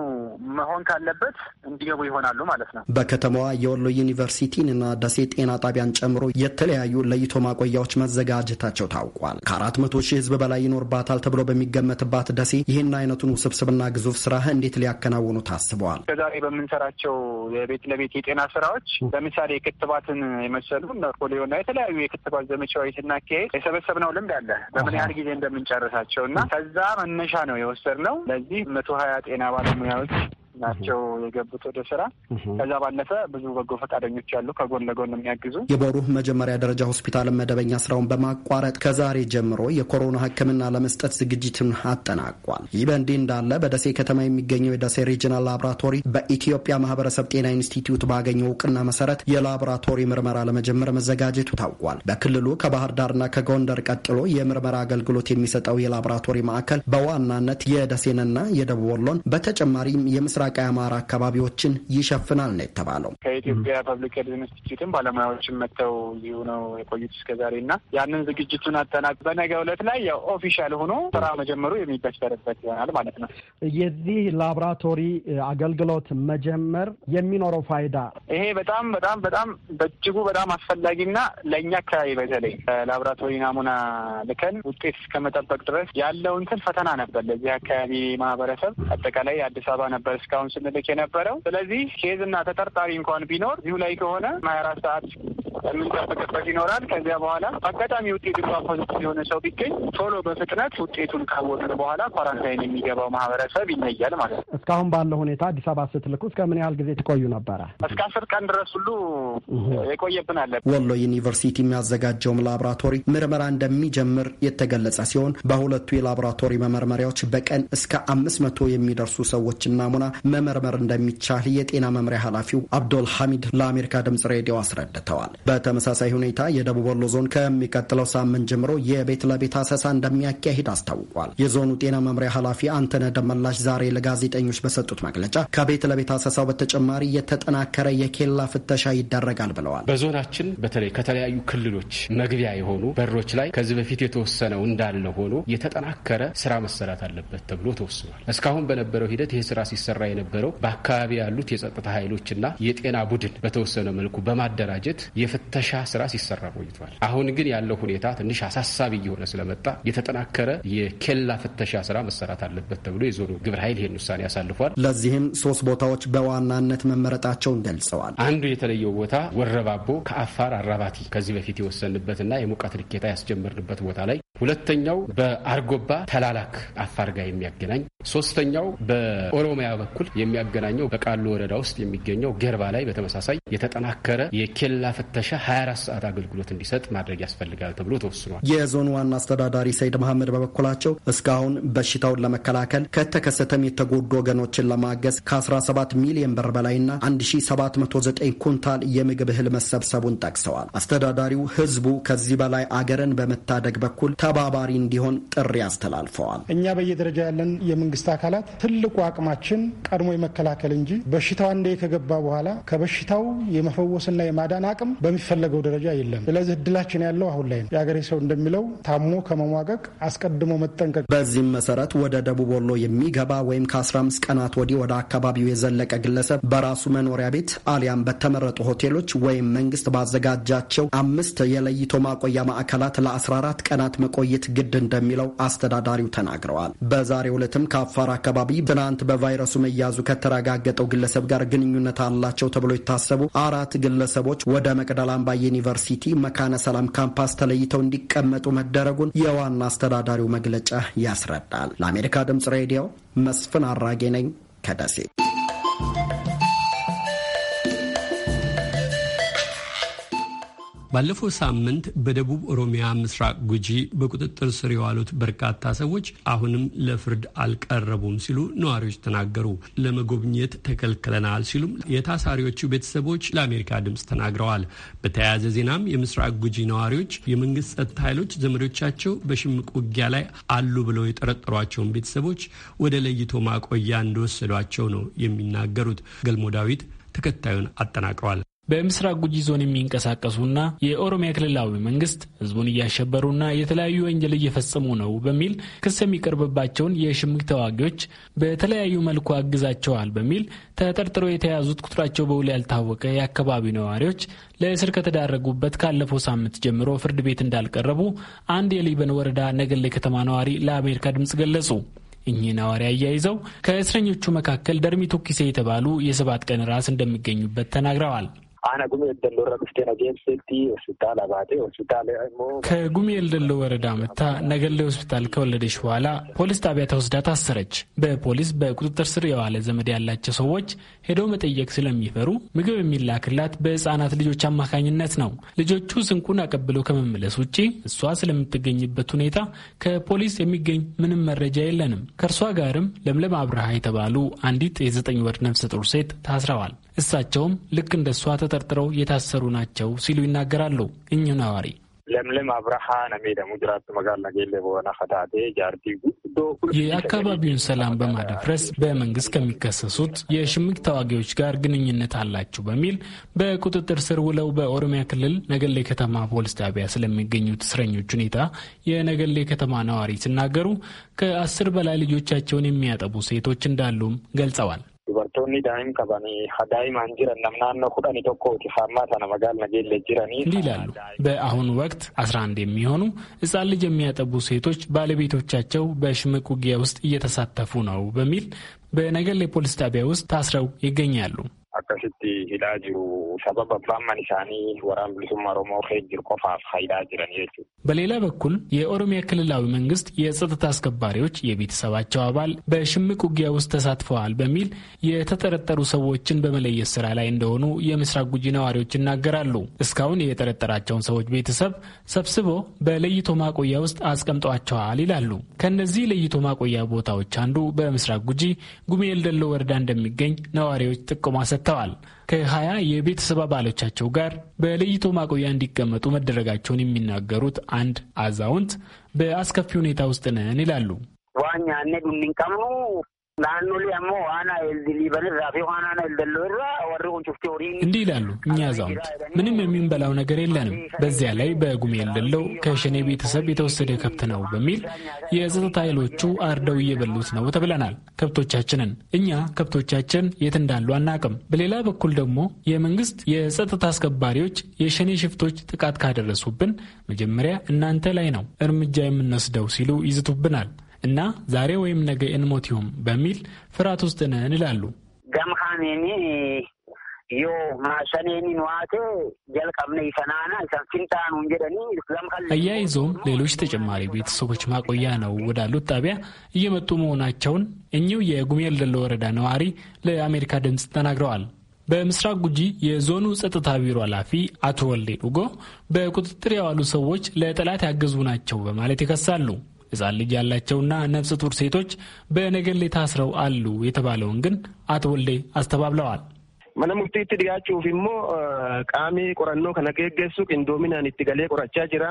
[SPEAKER 11] መሆን ካለበት እንዲገቡ ይሆናሉ ማለት ነው።
[SPEAKER 10] በከተማዋ የወሎ ዩኒቨርሲቲን እና ደሴ ጤና ጣቢያን ጨምሮ የተለያዩ ለይቶ ማቆያዎች መዘጋጀታቸው ታውቋል። ከአራት መቶ ሺህ ህዝብ በላይ ይኖርባታል ተብሎ በሚገመትባት ደሴ ይህን አይነቱን ውስብስብና ግዙፍ ስራ እንዴት ሊያከናውኑ ታስበዋል?
[SPEAKER 11] ከዛሬ በምንሰራቸው የቤት ለቤት የጤና ስራዎች ለምሳሌ ክትባትን የመሰሉ ፖሊዮና የተለያዩ የክትባት ዘመ ቾይስ እናካሄድ የሰበሰብነው ልምድ አለ በምን ያህል ጊዜ እንደምንጨርሳቸው እና ከዛ መነሻ ነው የወሰድነው። ለዚህ መቶ ሀያ ጤና ባለሙያዎች ናቸው የገቡት ወደ ስራ። ከዛ ባለፈ ብዙ በጎ ፈቃደኞች ያሉ ከጎን ለጎን የሚያግዙ።
[SPEAKER 10] የቦሩ መጀመሪያ ደረጃ ሆስፒታል መደበኛ ስራውን በማቋረጥ ከዛሬ ጀምሮ የኮሮና ሕክምና ለመስጠት ዝግጅትን አጠናቋል። ይህ በእንዲህ እንዳለ በደሴ ከተማ የሚገኘው የደሴ ሪጅናል ላቦራቶሪ በኢትዮጵያ ማህበረሰብ ጤና ኢንስቲትዩት ባገኘው እውቅና መሰረት የላቦራቶሪ ምርመራ ለመጀመር መዘጋጀቱ ታውቋል። በክልሉ ከባህር ዳርና ከጎንደር ቀጥሎ የምርመራ አገልግሎት የሚሰጠው የላቦራቶሪ ማዕከል በዋናነት የደሴንና የደቡብ ወሎን በተጨማሪም የምስራ ምስራቃዊ አማራ አካባቢዎችን ይሸፍናል ነው የተባለው። ከኢትዮጵያ
[SPEAKER 11] ፐብሊክ ሄልዝ ኢንስቲትዩትም ባለሙያዎችን መጥተው እዚሁ ነው የቆዩት እስከዛሬ እና ያንን ዝግጅቱን አጠናቅ በነገ ዕለት ላይ ያው ኦፊሻል ሆኖ ስራ መጀመሩ የሚበሰርበት ይሆናል ማለት ነው።
[SPEAKER 10] የዚህ ላቦራቶሪ አገልግሎት መጀመር የሚኖረው ፋይዳ
[SPEAKER 11] ይሄ በጣም በጣም በጣም በእጅጉ በጣም አስፈላጊና ለእኛ አካባቢ በተለይ ላቦራቶሪ ናሙና ልከን ውጤት እስከመጠበቅ ድረስ ያለው እንትን ፈተና ነበር ለዚህ አካባቢ ማህበረሰብ አጠቃላይ አዲስ አበባ ነበር እስከ እስካሁን ስንልክ የነበረው። ስለዚህ ኬዝ እና ተጠርጣሪ እንኳን ቢኖር እዚሁ ላይ ከሆነ ሀያ አራት ሰዓት የምንጠብቅበት ይኖራል። ከዚያ በኋላ አጋጣሚ ውጤት እንኳ ፖዚቲቭ የሆነ ሰው ቢገኝ ቶሎ በፍጥነት ውጤቱን ካወቅን በኋላ ኳራንታይን የሚገባው ማህበረሰብ ይለያል ማለት ነው።
[SPEAKER 10] እስካሁን ባለው ሁኔታ አዲስ አበባ ስትልኩ እስከ ምን ያህል ጊዜ ትቆዩ ነበረ?
[SPEAKER 11] እስከ አስር ቀን ድረስ ሁሉ የቆየብን አለ።
[SPEAKER 10] ወሎ ዩኒቨርሲቲ የሚያዘጋጀውም ላቦራቶሪ ምርመራ እንደሚጀምር የተገለጸ ሲሆን በሁለቱ የላቦራቶሪ መመርመሪያዎች በቀን እስከ አምስት መቶ የሚደርሱ ሰዎችን ናሙና መመርመር እንደሚቻል የጤና መምሪያ ኃላፊው አብዶል ሐሚድ ለአሜሪካ ድምጽ ሬዲዮ አስረድተዋል። በተመሳሳይ ሁኔታ የደቡብ ወሎ ዞን ከሚቀጥለው ሳምንት ጀምሮ የቤት ለቤት አሰሳ እንደሚያካሂድ አስታውቋል። የዞኑ ጤና መምሪያ ኃላፊ አንተነ ደመላሽ ዛሬ ለጋዜጠኞች በሰጡት መግለጫ ከቤት ለቤት አሰሳው በተጨማሪ የተጠናከረ የኬላ ፍተሻ ይደረጋል ብለዋል።
[SPEAKER 12] በዞናችን በተለይ ከተለያዩ ክልሎች መግቢያ የሆኑ በሮች ላይ ከዚህ በፊት የተወሰነው እንዳለ ሆኖ የተጠናከረ ስራ መሰራት አለበት ተብሎ ተወስኗል። እስካሁን በነበረው ሂደት ይህ ስራ ሲሰራ የነበረው በአካባቢ ያሉት የጸጥታ ኃይሎችና የጤና ቡድን በተወሰነ መልኩ በማደራጀት የፍተሻ ስራ ሲሰራ ቆይቷል። አሁን ግን ያለው ሁኔታ ትንሽ አሳሳቢ እየሆነ ስለመጣ የተጠናከረ የኬላ ፍተሻ ስራ መሰራት አለበት ተብሎ የዞኑ ግብረ ኃይል ይህን ውሳኔ ያሳልፏል። ለዚህም
[SPEAKER 10] ሶስት ቦታዎች በዋናነት መመረጣቸውን ገልጸዋል።
[SPEAKER 12] አንዱ የተለየው ቦታ ወረባቦ ከአፋር አራባቲ ከዚህ በፊት የወሰንበትና የሙቀት ልኬታ ያስጀመርንበት ቦታ ላይ፣ ሁለተኛው በአርጎባ ተላላክ አፋር ጋር የሚያገናኝ ሶስተኛው በኦሮሚያ በኩል የሚያገናኘው በቃሉ ወረዳ ውስጥ የሚገኘው ገርባ ላይ በተመሳሳይ የተጠናከረ የኬላ ፍተሻ 24 ሰዓት አገልግሎት እንዲሰጥ ማድረግ ያስፈልጋል ተብሎ ተወስኗል።
[SPEAKER 10] የዞኑ ዋና አስተዳዳሪ ሰይድ መሐመድ በበኩላቸው እስካሁን በሽታውን ለመከላከል ከተከሰተም የተጎዱ ወገኖችን ለማገዝ ከ17 ሚሊዮን ብር በላይና 1709 ኩንታል የምግብ እህል መሰብሰቡን ጠቅሰዋል። አስተዳዳሪው ህዝቡ ከዚህ በላይ አገርን በመታደግ በኩል ተባባሪ እንዲሆን ጥሪ አስተላልፈዋል።
[SPEAKER 4] እኛ በየደረጃ ያለን የመንግስት አካላት ትልቁ አቅማችን ቀድሞ የመከላከል እንጂ በሽታው አንዴ ከገባ በኋላ ከበሽታው የመፈወስና የማዳን አቅም በሚፈለገው ደረጃ የለም። ስለዚህ እድላችን ያለው አሁን ላይ ነው። የአገሬ ሰው እንደሚለው ታሞ ከመሟቀቅ
[SPEAKER 10] አስቀድሞ መጠንቀቅ። በዚህም መሰረት ወደ ደቡብ ወሎ የሚገባ ወይም ከ15 ቀናት ወዲህ ወደ አካባቢው የዘለቀ ግለሰብ በራሱ መኖሪያ ቤት አሊያም በተመረጡ ሆቴሎች ወይም መንግስት ባዘጋጃቸው አምስት የለይቶ ማቆያ ማዕከላት ለ14 ቀናት መቆየት ግድ እንደሚለው አስተዳዳሪው ተናግረዋል። በዛሬው ዕለትም ከአፋር አካባቢ ትናንት በቫይረሱ መ መያዙ ከተረጋገጠው ግለሰብ ጋር ግንኙነት አላቸው ተብሎ የታሰቡ አራት ግለሰቦች ወደ መቅደላ አምባ ዩኒቨርሲቲ መካነ ሰላም ካምፓስ ተለይተው እንዲቀመጡ መደረጉን የዋና አስተዳዳሪው መግለጫ ያስረዳል። ለአሜሪካ ድምጽ ሬዲዮ መስፍን አራጌ ነኝ
[SPEAKER 1] ከደሴ። ባለፈው ሳምንት በደቡብ ኦሮሚያ ምስራቅ ጉጂ በቁጥጥር ስር የዋሉት በርካታ ሰዎች አሁንም ለፍርድ አልቀረቡም ሲሉ ነዋሪዎች ተናገሩ። ለመጎብኘት ተከልክለናል ሲሉም የታሳሪዎቹ ቤተሰቦች ለአሜሪካ ድምፅ ተናግረዋል። በተያያዘ ዜናም የምስራቅ ጉጂ ነዋሪዎች የመንግስት ጸጥታ ኃይሎች ዘመዶቻቸው በሽምቅ ውጊያ ላይ አሉ ብለው የጠረጠሯቸውን ቤተሰቦች ወደ ለይቶ ማቆያ እንደወሰዷቸው ነው የሚናገሩት። ገልሞ ዳዊት ተከታዩን አጠናቅሯል።
[SPEAKER 5] በምስራቅ ጉጂ ዞን የሚንቀሳቀሱና የኦሮሚያ ክልላዊ መንግስት ህዝቡን እያሸበሩና የተለያዩ ወንጀል እየፈጸሙ ነው በሚል ክስ የሚቀርብባቸውን የሽምቅ ተዋጊዎች በተለያዩ መልኩ አግዛቸዋል በሚል ተጠርጥረው የተያዙት ቁጥራቸው በውል ያልታወቀ የአካባቢው ነዋሪዎች ለእስር ከተዳረጉበት ካለፈው ሳምንት ጀምሮ ፍርድ ቤት እንዳልቀረቡ አንድ የሊበን ወረዳ ነገሌ ከተማ ነዋሪ ለአሜሪካ ድምፅ ገለጹ። እኚህ ነዋሪ አያይዘው ከእስረኞቹ መካከል ደርሚ የተባሉ የሰባት ቀን ራስ እንደሚገኙበት ተናግረዋል።
[SPEAKER 2] አነ ጉሜ ኤልደሎ ረቅስቴነ ጌምሴቲ ሆስፒታል አባቴ ሆስፒታል
[SPEAKER 5] ከጉሜ ኤልደሎ ወረዳ መታ ነገለ ሆስፒታል ከወለደች በኋላ ፖሊስ ጣቢያ ተወስዳ ታሰረች። በፖሊስ በቁጥጥር ስር የዋለ ዘመድ ያላቸው ሰዎች ሄደው መጠየቅ ስለሚፈሩ ምግብ የሚላክላት በህፃናት ልጆች አማካኝነት ነው። ልጆቹ ስንቁን አቀብለው ከመመለስ ውጪ እሷ ስለምትገኝበት ሁኔታ ከፖሊስ የሚገኝ ምንም መረጃ የለንም። ከእርሷ ጋርም ለምለም አብርሃ የተባሉ አንዲት የዘጠኝ ወር ነፍሰ ጡር ሴት ታስረዋል። እሳቸውም ልክ እንደ እሷ ተጠርጥረው የታሰሩ ናቸው ሲሉ ይናገራሉ። እኚሁ ነዋሪ
[SPEAKER 11] ለምለም አብረሃ ነሜ ጅራቱ መጋላ ጌሌ በሆነ
[SPEAKER 12] ከዳቴ ጃርቲ
[SPEAKER 5] የአካባቢውን ሰላም በማደፍረስ በመንግስት ከሚከሰሱት የሽምቅ ተዋጊዎች ጋር ግንኙነት አላችሁ በሚል በቁጥጥር ስር ውለው በኦሮሚያ ክልል ነገሌ ከተማ ፖሊስ ጣቢያ ስለሚገኙት እስረኞች ሁኔታ የነገሌ ከተማ ነዋሪ ሲናገሩ ከአስር በላይ ልጆቻቸውን የሚያጠቡ ሴቶች እንዳሉም ገልጸዋል።
[SPEAKER 2] dubartoonni daa'im qabanii daa'imaan jiran nam naannoo kudhani tokkooti hammaa sana magaalna ጌለ jiranii ይላሉ።
[SPEAKER 5] በአሁኑ ወቅት አስራ አንድ የሚሆኑ ሕፃን ልጅ የሚያጠቡ ሴቶች ባለቤቶቻቸው በሽምቅ ውጊያ ውስጥ እየተሳተፉ ነው በሚል በነገሌ ፖሊስ ጣቢያ ውስጥ ታስረው ይገኛሉ።
[SPEAKER 2] akkasitti hidhaa jiru sababa bamman isaanii ወራን ብልሱማ ኦሮሞ ሄጅር ቆፋፍ ሀይዳ ጅረን የቹ
[SPEAKER 5] በሌላ በኩል የኦሮሚያ ክልላዊ መንግስት የጸጥታ አስከባሪዎች የቤተሰባቸው አባል በሽምቅ ውጊያ ውስጥ ተሳትፈዋል በሚል የተጠረጠሩ ሰዎችን በመለየት ስራ ላይ እንደሆኑ የምስራቅ ጉጂ ነዋሪዎች ይናገራሉ። እስካሁን የጠረጠራቸውን ሰዎች ቤተሰብ ሰብስቦ በለይቶ ማቆያ ውስጥ አስቀምጧቸዋል ይላሉ። ከእነዚህ ለይቶ ማቆያ ቦታዎች አንዱ በምስራቅ ጉጂ ጉሜ ኤልደሎ ወረዳ እንደሚገኝ ነዋሪዎች ጥቆማ ሰጥተዋል። ወጥተዋል። ከሀያ የቤተሰብ አባሎቻቸው ጋር በለይቶ ማቆያ እንዲቀመጡ መደረጋቸውን የሚናገሩት አንድ አዛውንት በአስከፊ ሁኔታ ውስጥ ነን ይላሉ።
[SPEAKER 2] ዋኛ ነዱ ዱኒን
[SPEAKER 5] እንዲህ ይላሉ እኛ አዛውንት፣ ምንም የሚንበላው ነገር የለንም። በዚያ ላይ በጉሜ የሌለው ከሸኔ ቤተሰብ የተወሰደ ከብት ነው በሚል የጸጥታ ኃይሎቹ አርደው እየበሉት ነው ተብለናል። ከብቶቻችንን እኛ ከብቶቻችን የት እንዳሉ አናቅም። በሌላ በኩል ደግሞ የመንግስት የጸጥታ አስከባሪዎች የሸኔ ሽፍቶች ጥቃት ካደረሱብን መጀመሪያ እናንተ ላይ ነው እርምጃ የምንወስደው ሲሉ ይዝቱብናል። እና ዛሬ ወይም ነገ እንሞትዮም በሚል ፍርሃት ውስጥ ነን ይላሉ።
[SPEAKER 2] ገምሃኔኒ ዮ ማሸኔኒ ነዋቴ ጀልቀብነ ይሰናና ሰንፊንታኑ እንጀደኒ
[SPEAKER 5] አያይዞም ሌሎች ተጨማሪ ቤተሰቦች ማቆያ ነው ወዳሉት ጣቢያ እየመጡ መሆናቸውን እኚሁ የጉሜል ደሎ ወረዳ ነዋሪ ለአሜሪካ ድምፅ ተናግረዋል። በምስራቅ ጉጂ የዞኑ ጸጥታ ቢሮ ኃላፊ አቶ ወልዴ ዱጎ በቁጥጥር የዋሉ ሰዎች ለጠላት ያገዙ ናቸው በማለት ይከሳሉ። ሕፃን ልጅ ያላቸውና ነፍሰ ጡር ሴቶች በነገሌ ታስረው አሉ የተባለውን ግን አቶ ወልዴ አስተባብለዋል።
[SPEAKER 2] መነም ሙርቲቲ ድጋቹፍ ሞ ቃሚ ቆረኖ ከነ ገገሱ ቅንዶሚናን ቆረቻ ጅራ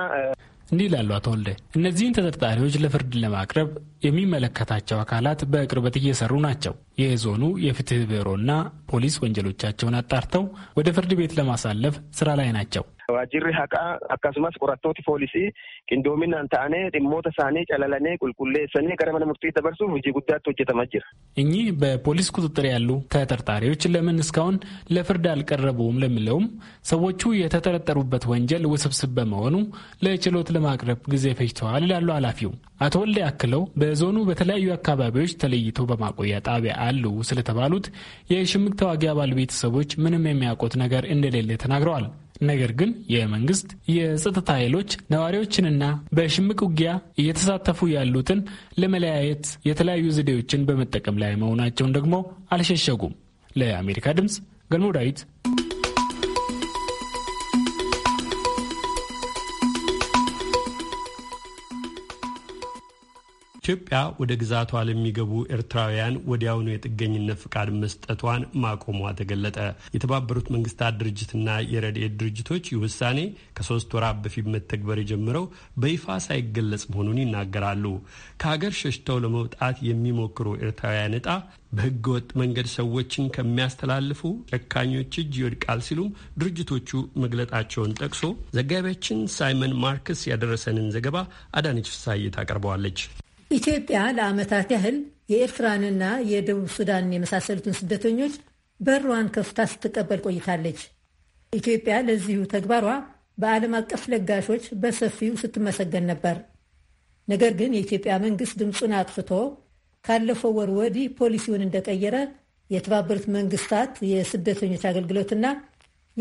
[SPEAKER 5] እንዲህ ይላሉ አቶ ወልደ። እነዚህን ተጠርጣሪዎች ለፍርድ ለማቅረብ የሚመለከታቸው አካላት በቅርበት እየሰሩ ናቸው። የዞኑ የፍትህ ቢሮና ፖሊስ ወንጀሎቻቸውን አጣርተው ወደ ፍርድ ቤት ለማሳለፍ ስራ ላይ ናቸው።
[SPEAKER 2] ዋጅሪ ሀቃ አካስማስ ቆራቶት ፖሊሲ ቅንዶሚናን ታአኔ ድሞተ ሳኔ ጨለለኔ ቁልቁሌ ሰኔ ቀረመነ ሙርጢ ተበርሱ ውጂ ጉዳት ወጀተማ
[SPEAKER 5] እኚህ በፖሊስ ቁጥጥር ያሉ ተጠርጣሪዎች ለምን እስካሁን ለፍርድ አልቀረቡም? ለሚለውም ሰዎቹ የተጠረጠሩበት ወንጀል ውስብስብ በመሆኑ ለችሎት ለማቅረብ ጊዜ ፈጅተዋል ይላሉ ኃላፊው። አቶ ወልደ ያክለው በዞኑ በተለያዩ አካባቢዎች ተለይተው በማቆያ ጣቢያ አሉ ስለተባሉት የሽምቅ ተዋጊ አባል ቤተሰቦች ምንም የሚያውቁት ነገር እንደሌለ ተናግረዋል። ነገር ግን የመንግስት የጸጥታ ኃይሎች ነዋሪዎችንና በሽምቅ ውጊያ እየተሳተፉ ያሉትን ለመለያየት የተለያዩ ዘዴዎችን በመጠቀም ላይ መሆናቸውን ደግሞ አልሸሸጉም። ለአሜሪካ ድምፅ ገልሞ ዳዊት
[SPEAKER 1] ኢትዮጵያ ወደ ግዛቷ ለሚገቡ ኤርትራውያን ወዲያውኑ የጥገኝነት ፍቃድ መስጠቷን ማቆሟ ተገለጠ። የተባበሩት መንግስታት ድርጅትና የረድኤት ድርጅቶች ይህ ውሳኔ ከሶስት ወራት በፊት መተግበር የጀምረው በይፋ ሳይገለጽ መሆኑን ይናገራሉ። ከሀገር ሸሽተው ለመውጣት የሚሞክሩ ኤርትራውያን ዕጣ በህገ ወጥ መንገድ ሰዎችን ከሚያስተላልፉ ጨካኞች እጅ ይወድቃል ሲሉም ድርጅቶቹ መግለጣቸውን ጠቅሶ ዘጋቢያችን ሳይመን ማርክስ ያደረሰንን ዘገባ አዳነች ፍሳይ ታቀርበዋለች።
[SPEAKER 13] ኢትዮጵያ ለዓመታት ያህል የኤርትራንና የደቡብ ሱዳንን የመሳሰሉትን ስደተኞች በሯን ከፍታ ስትቀበል ቆይታለች። ኢትዮጵያ ለዚሁ ተግባሯ በዓለም አቀፍ ለጋሾች በሰፊው ስትመሰገን ነበር። ነገር ግን የኢትዮጵያ መንግስት ድምፁን አጥፍቶ ካለፈው ወር ወዲህ ፖሊሲውን እንደቀየረ የተባበሩት መንግስታት የስደተኞች አገልግሎትና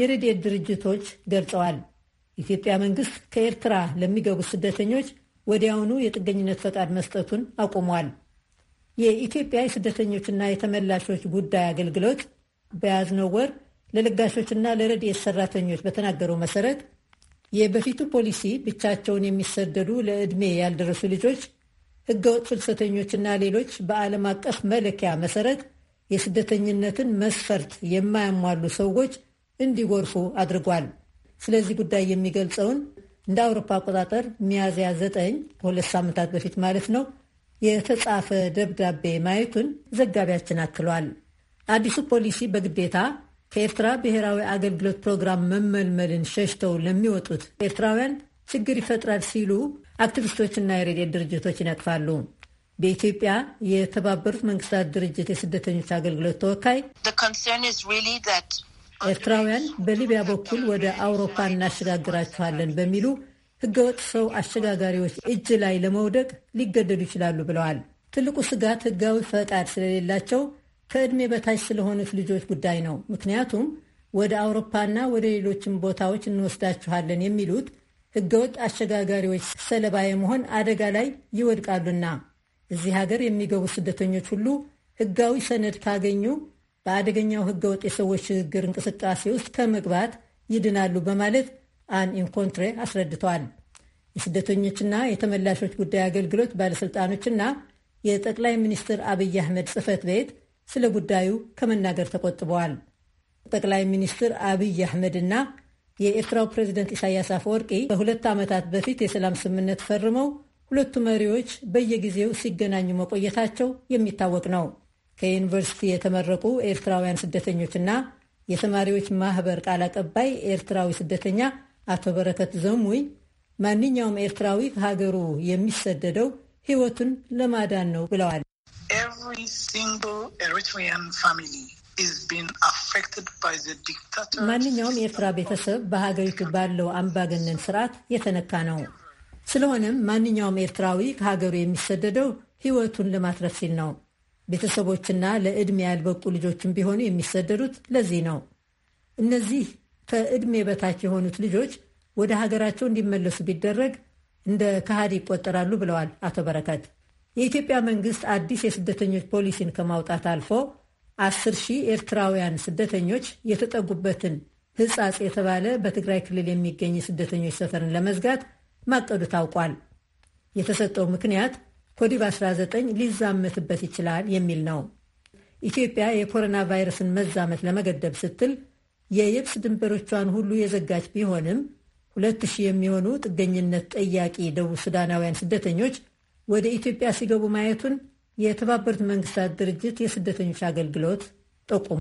[SPEAKER 13] የረድኤት ድርጅቶች ገልጸዋል። ኢትዮጵያ መንግስት ከኤርትራ ለሚገቡት ስደተኞች ወዲያውኑ የጥገኝነት ፈቃድ መስጠቱን አቁሟል። የኢትዮጵያ የስደተኞችና የተመላሾች ጉዳይ አገልግሎት በያዝነው ወር ለለጋሾችና ለረድኤት ሰራተኞች በተናገረው መሰረት የበፊቱ ፖሊሲ ብቻቸውን የሚሰደዱ ለዕድሜ ያልደረሱ ልጆች፣ ህገወጥ ፍልሰተኞችና ሌሎች በዓለም አቀፍ መለኪያ መሰረት የስደተኝነትን መስፈርት የማያሟሉ ሰዎች እንዲጎርፉ አድርጓል። ስለዚህ ጉዳይ የሚገልጸውን እንደ አውሮፓ አቆጣጠር ሚያዝያ ዘጠኝ ከሁለት ሳምንታት በፊት ማለት ነው የተጻፈ ደብዳቤ ማየቱን ዘጋቢያችን አክሏል። አዲሱ ፖሊሲ በግዴታ ከኤርትራ ብሔራዊ አገልግሎት ፕሮግራም መመልመልን ሸሽተው ለሚወጡት ኤርትራውያን ችግር ይፈጥራል ሲሉ አክቲቪስቶችና የረድኤት ድርጅቶች ይነቅፋሉ። በኢትዮጵያ የተባበሩት መንግስታት ድርጅት የስደተኞች አገልግሎት ተወካይ ኤርትራውያን በሊቢያ በኩል ወደ አውሮፓ እናሸጋግራችኋለን በሚሉ ህገወጥ ሰው አሸጋጋሪዎች እጅ ላይ ለመውደቅ ሊገደዱ ይችላሉ ብለዋል። ትልቁ ስጋት ህጋዊ ፈቃድ ስለሌላቸው ከዕድሜ በታች ስለሆኑት ልጆች ጉዳይ ነው። ምክንያቱም ወደ አውሮፓና ወደ ሌሎችም ቦታዎች እንወስዳችኋለን የሚሉት ህገወጥ አሸጋጋሪዎች ሰለባ የመሆን አደጋ ላይ ይወድቃሉና እዚህ ሀገር የሚገቡ ስደተኞች ሁሉ ህጋዊ ሰነድ ካገኙ በአደገኛው ህገወጥ የሰዎች ሽግግር እንቅስቃሴ ውስጥ ከመግባት ይድናሉ በማለት አን ኢንኮንትሬ አስረድተዋል። የስደተኞችና የተመላሾች ጉዳይ አገልግሎት ባለሥልጣኖችና የጠቅላይ ሚኒስትር አብይ አህመድ ጽህፈት ቤት ስለ ጉዳዩ ከመናገር ተቆጥበዋል። ጠቅላይ ሚኒስትር አብይ አህመድና የኤርትራው ፕሬዚደንት ኢሳያስ አፈወርቂ ከሁለት ዓመታት በፊት የሰላም ስምምነት ፈርመው ሁለቱ መሪዎች በየጊዜው ሲገናኙ መቆየታቸው የሚታወቅ ነው። ከዩኒቨርሲቲ የተመረቁ ኤርትራውያን ስደተኞችና የተማሪዎች ማህበር ቃል አቀባይ ኤርትራዊ ስደተኛ አቶ በረከት ዘሙይ ማንኛውም ኤርትራዊ ከሀገሩ የሚሰደደው ሕይወቱን ለማዳን ነው ብለዋል። ማንኛውም የኤርትራ ቤተሰብ በሀገሪቱ ባለው አምባገነን ስርዓት የተነካ ነው። ስለሆነም ማንኛውም ኤርትራዊ ከሀገሩ የሚሰደደው ሕይወቱን ለማትረፍ ሲል ነው። ቤተሰቦችና ለዕድሜ ያልበቁ ልጆችም ቢሆኑ የሚሰደዱት ለዚህ ነው። እነዚህ ከዕድሜ በታች የሆኑት ልጆች ወደ ሀገራቸው እንዲመለሱ ቢደረግ እንደ ከሃዲ ይቆጠራሉ ብለዋል አቶ በረከት። የኢትዮጵያ መንግስት አዲስ የስደተኞች ፖሊሲን ከማውጣት አልፎ አስር ሺህ ኤርትራውያን ስደተኞች የተጠጉበትን ህጻጽ የተባለ በትግራይ ክልል የሚገኝ ስደተኞች ሰፈርን ለመዝጋት ማቀዱ ታውቋል። የተሰጠው ምክንያት ኮዲቭ 19 ሊዛመትበት ይችላል የሚል ነው። ኢትዮጵያ የኮሮና ቫይረስን መዛመት ለመገደብ ስትል የየብስ ድንበሮቿን ሁሉ የዘጋች ቢሆንም ሁለት ሺህ የሚሆኑ ጥገኝነት ጠያቂ ደቡብ ሱዳናውያን ስደተኞች ወደ ኢትዮጵያ ሲገቡ ማየቱን የተባበሩት መንግስታት ድርጅት የስደተኞች አገልግሎት ጠቁሟል።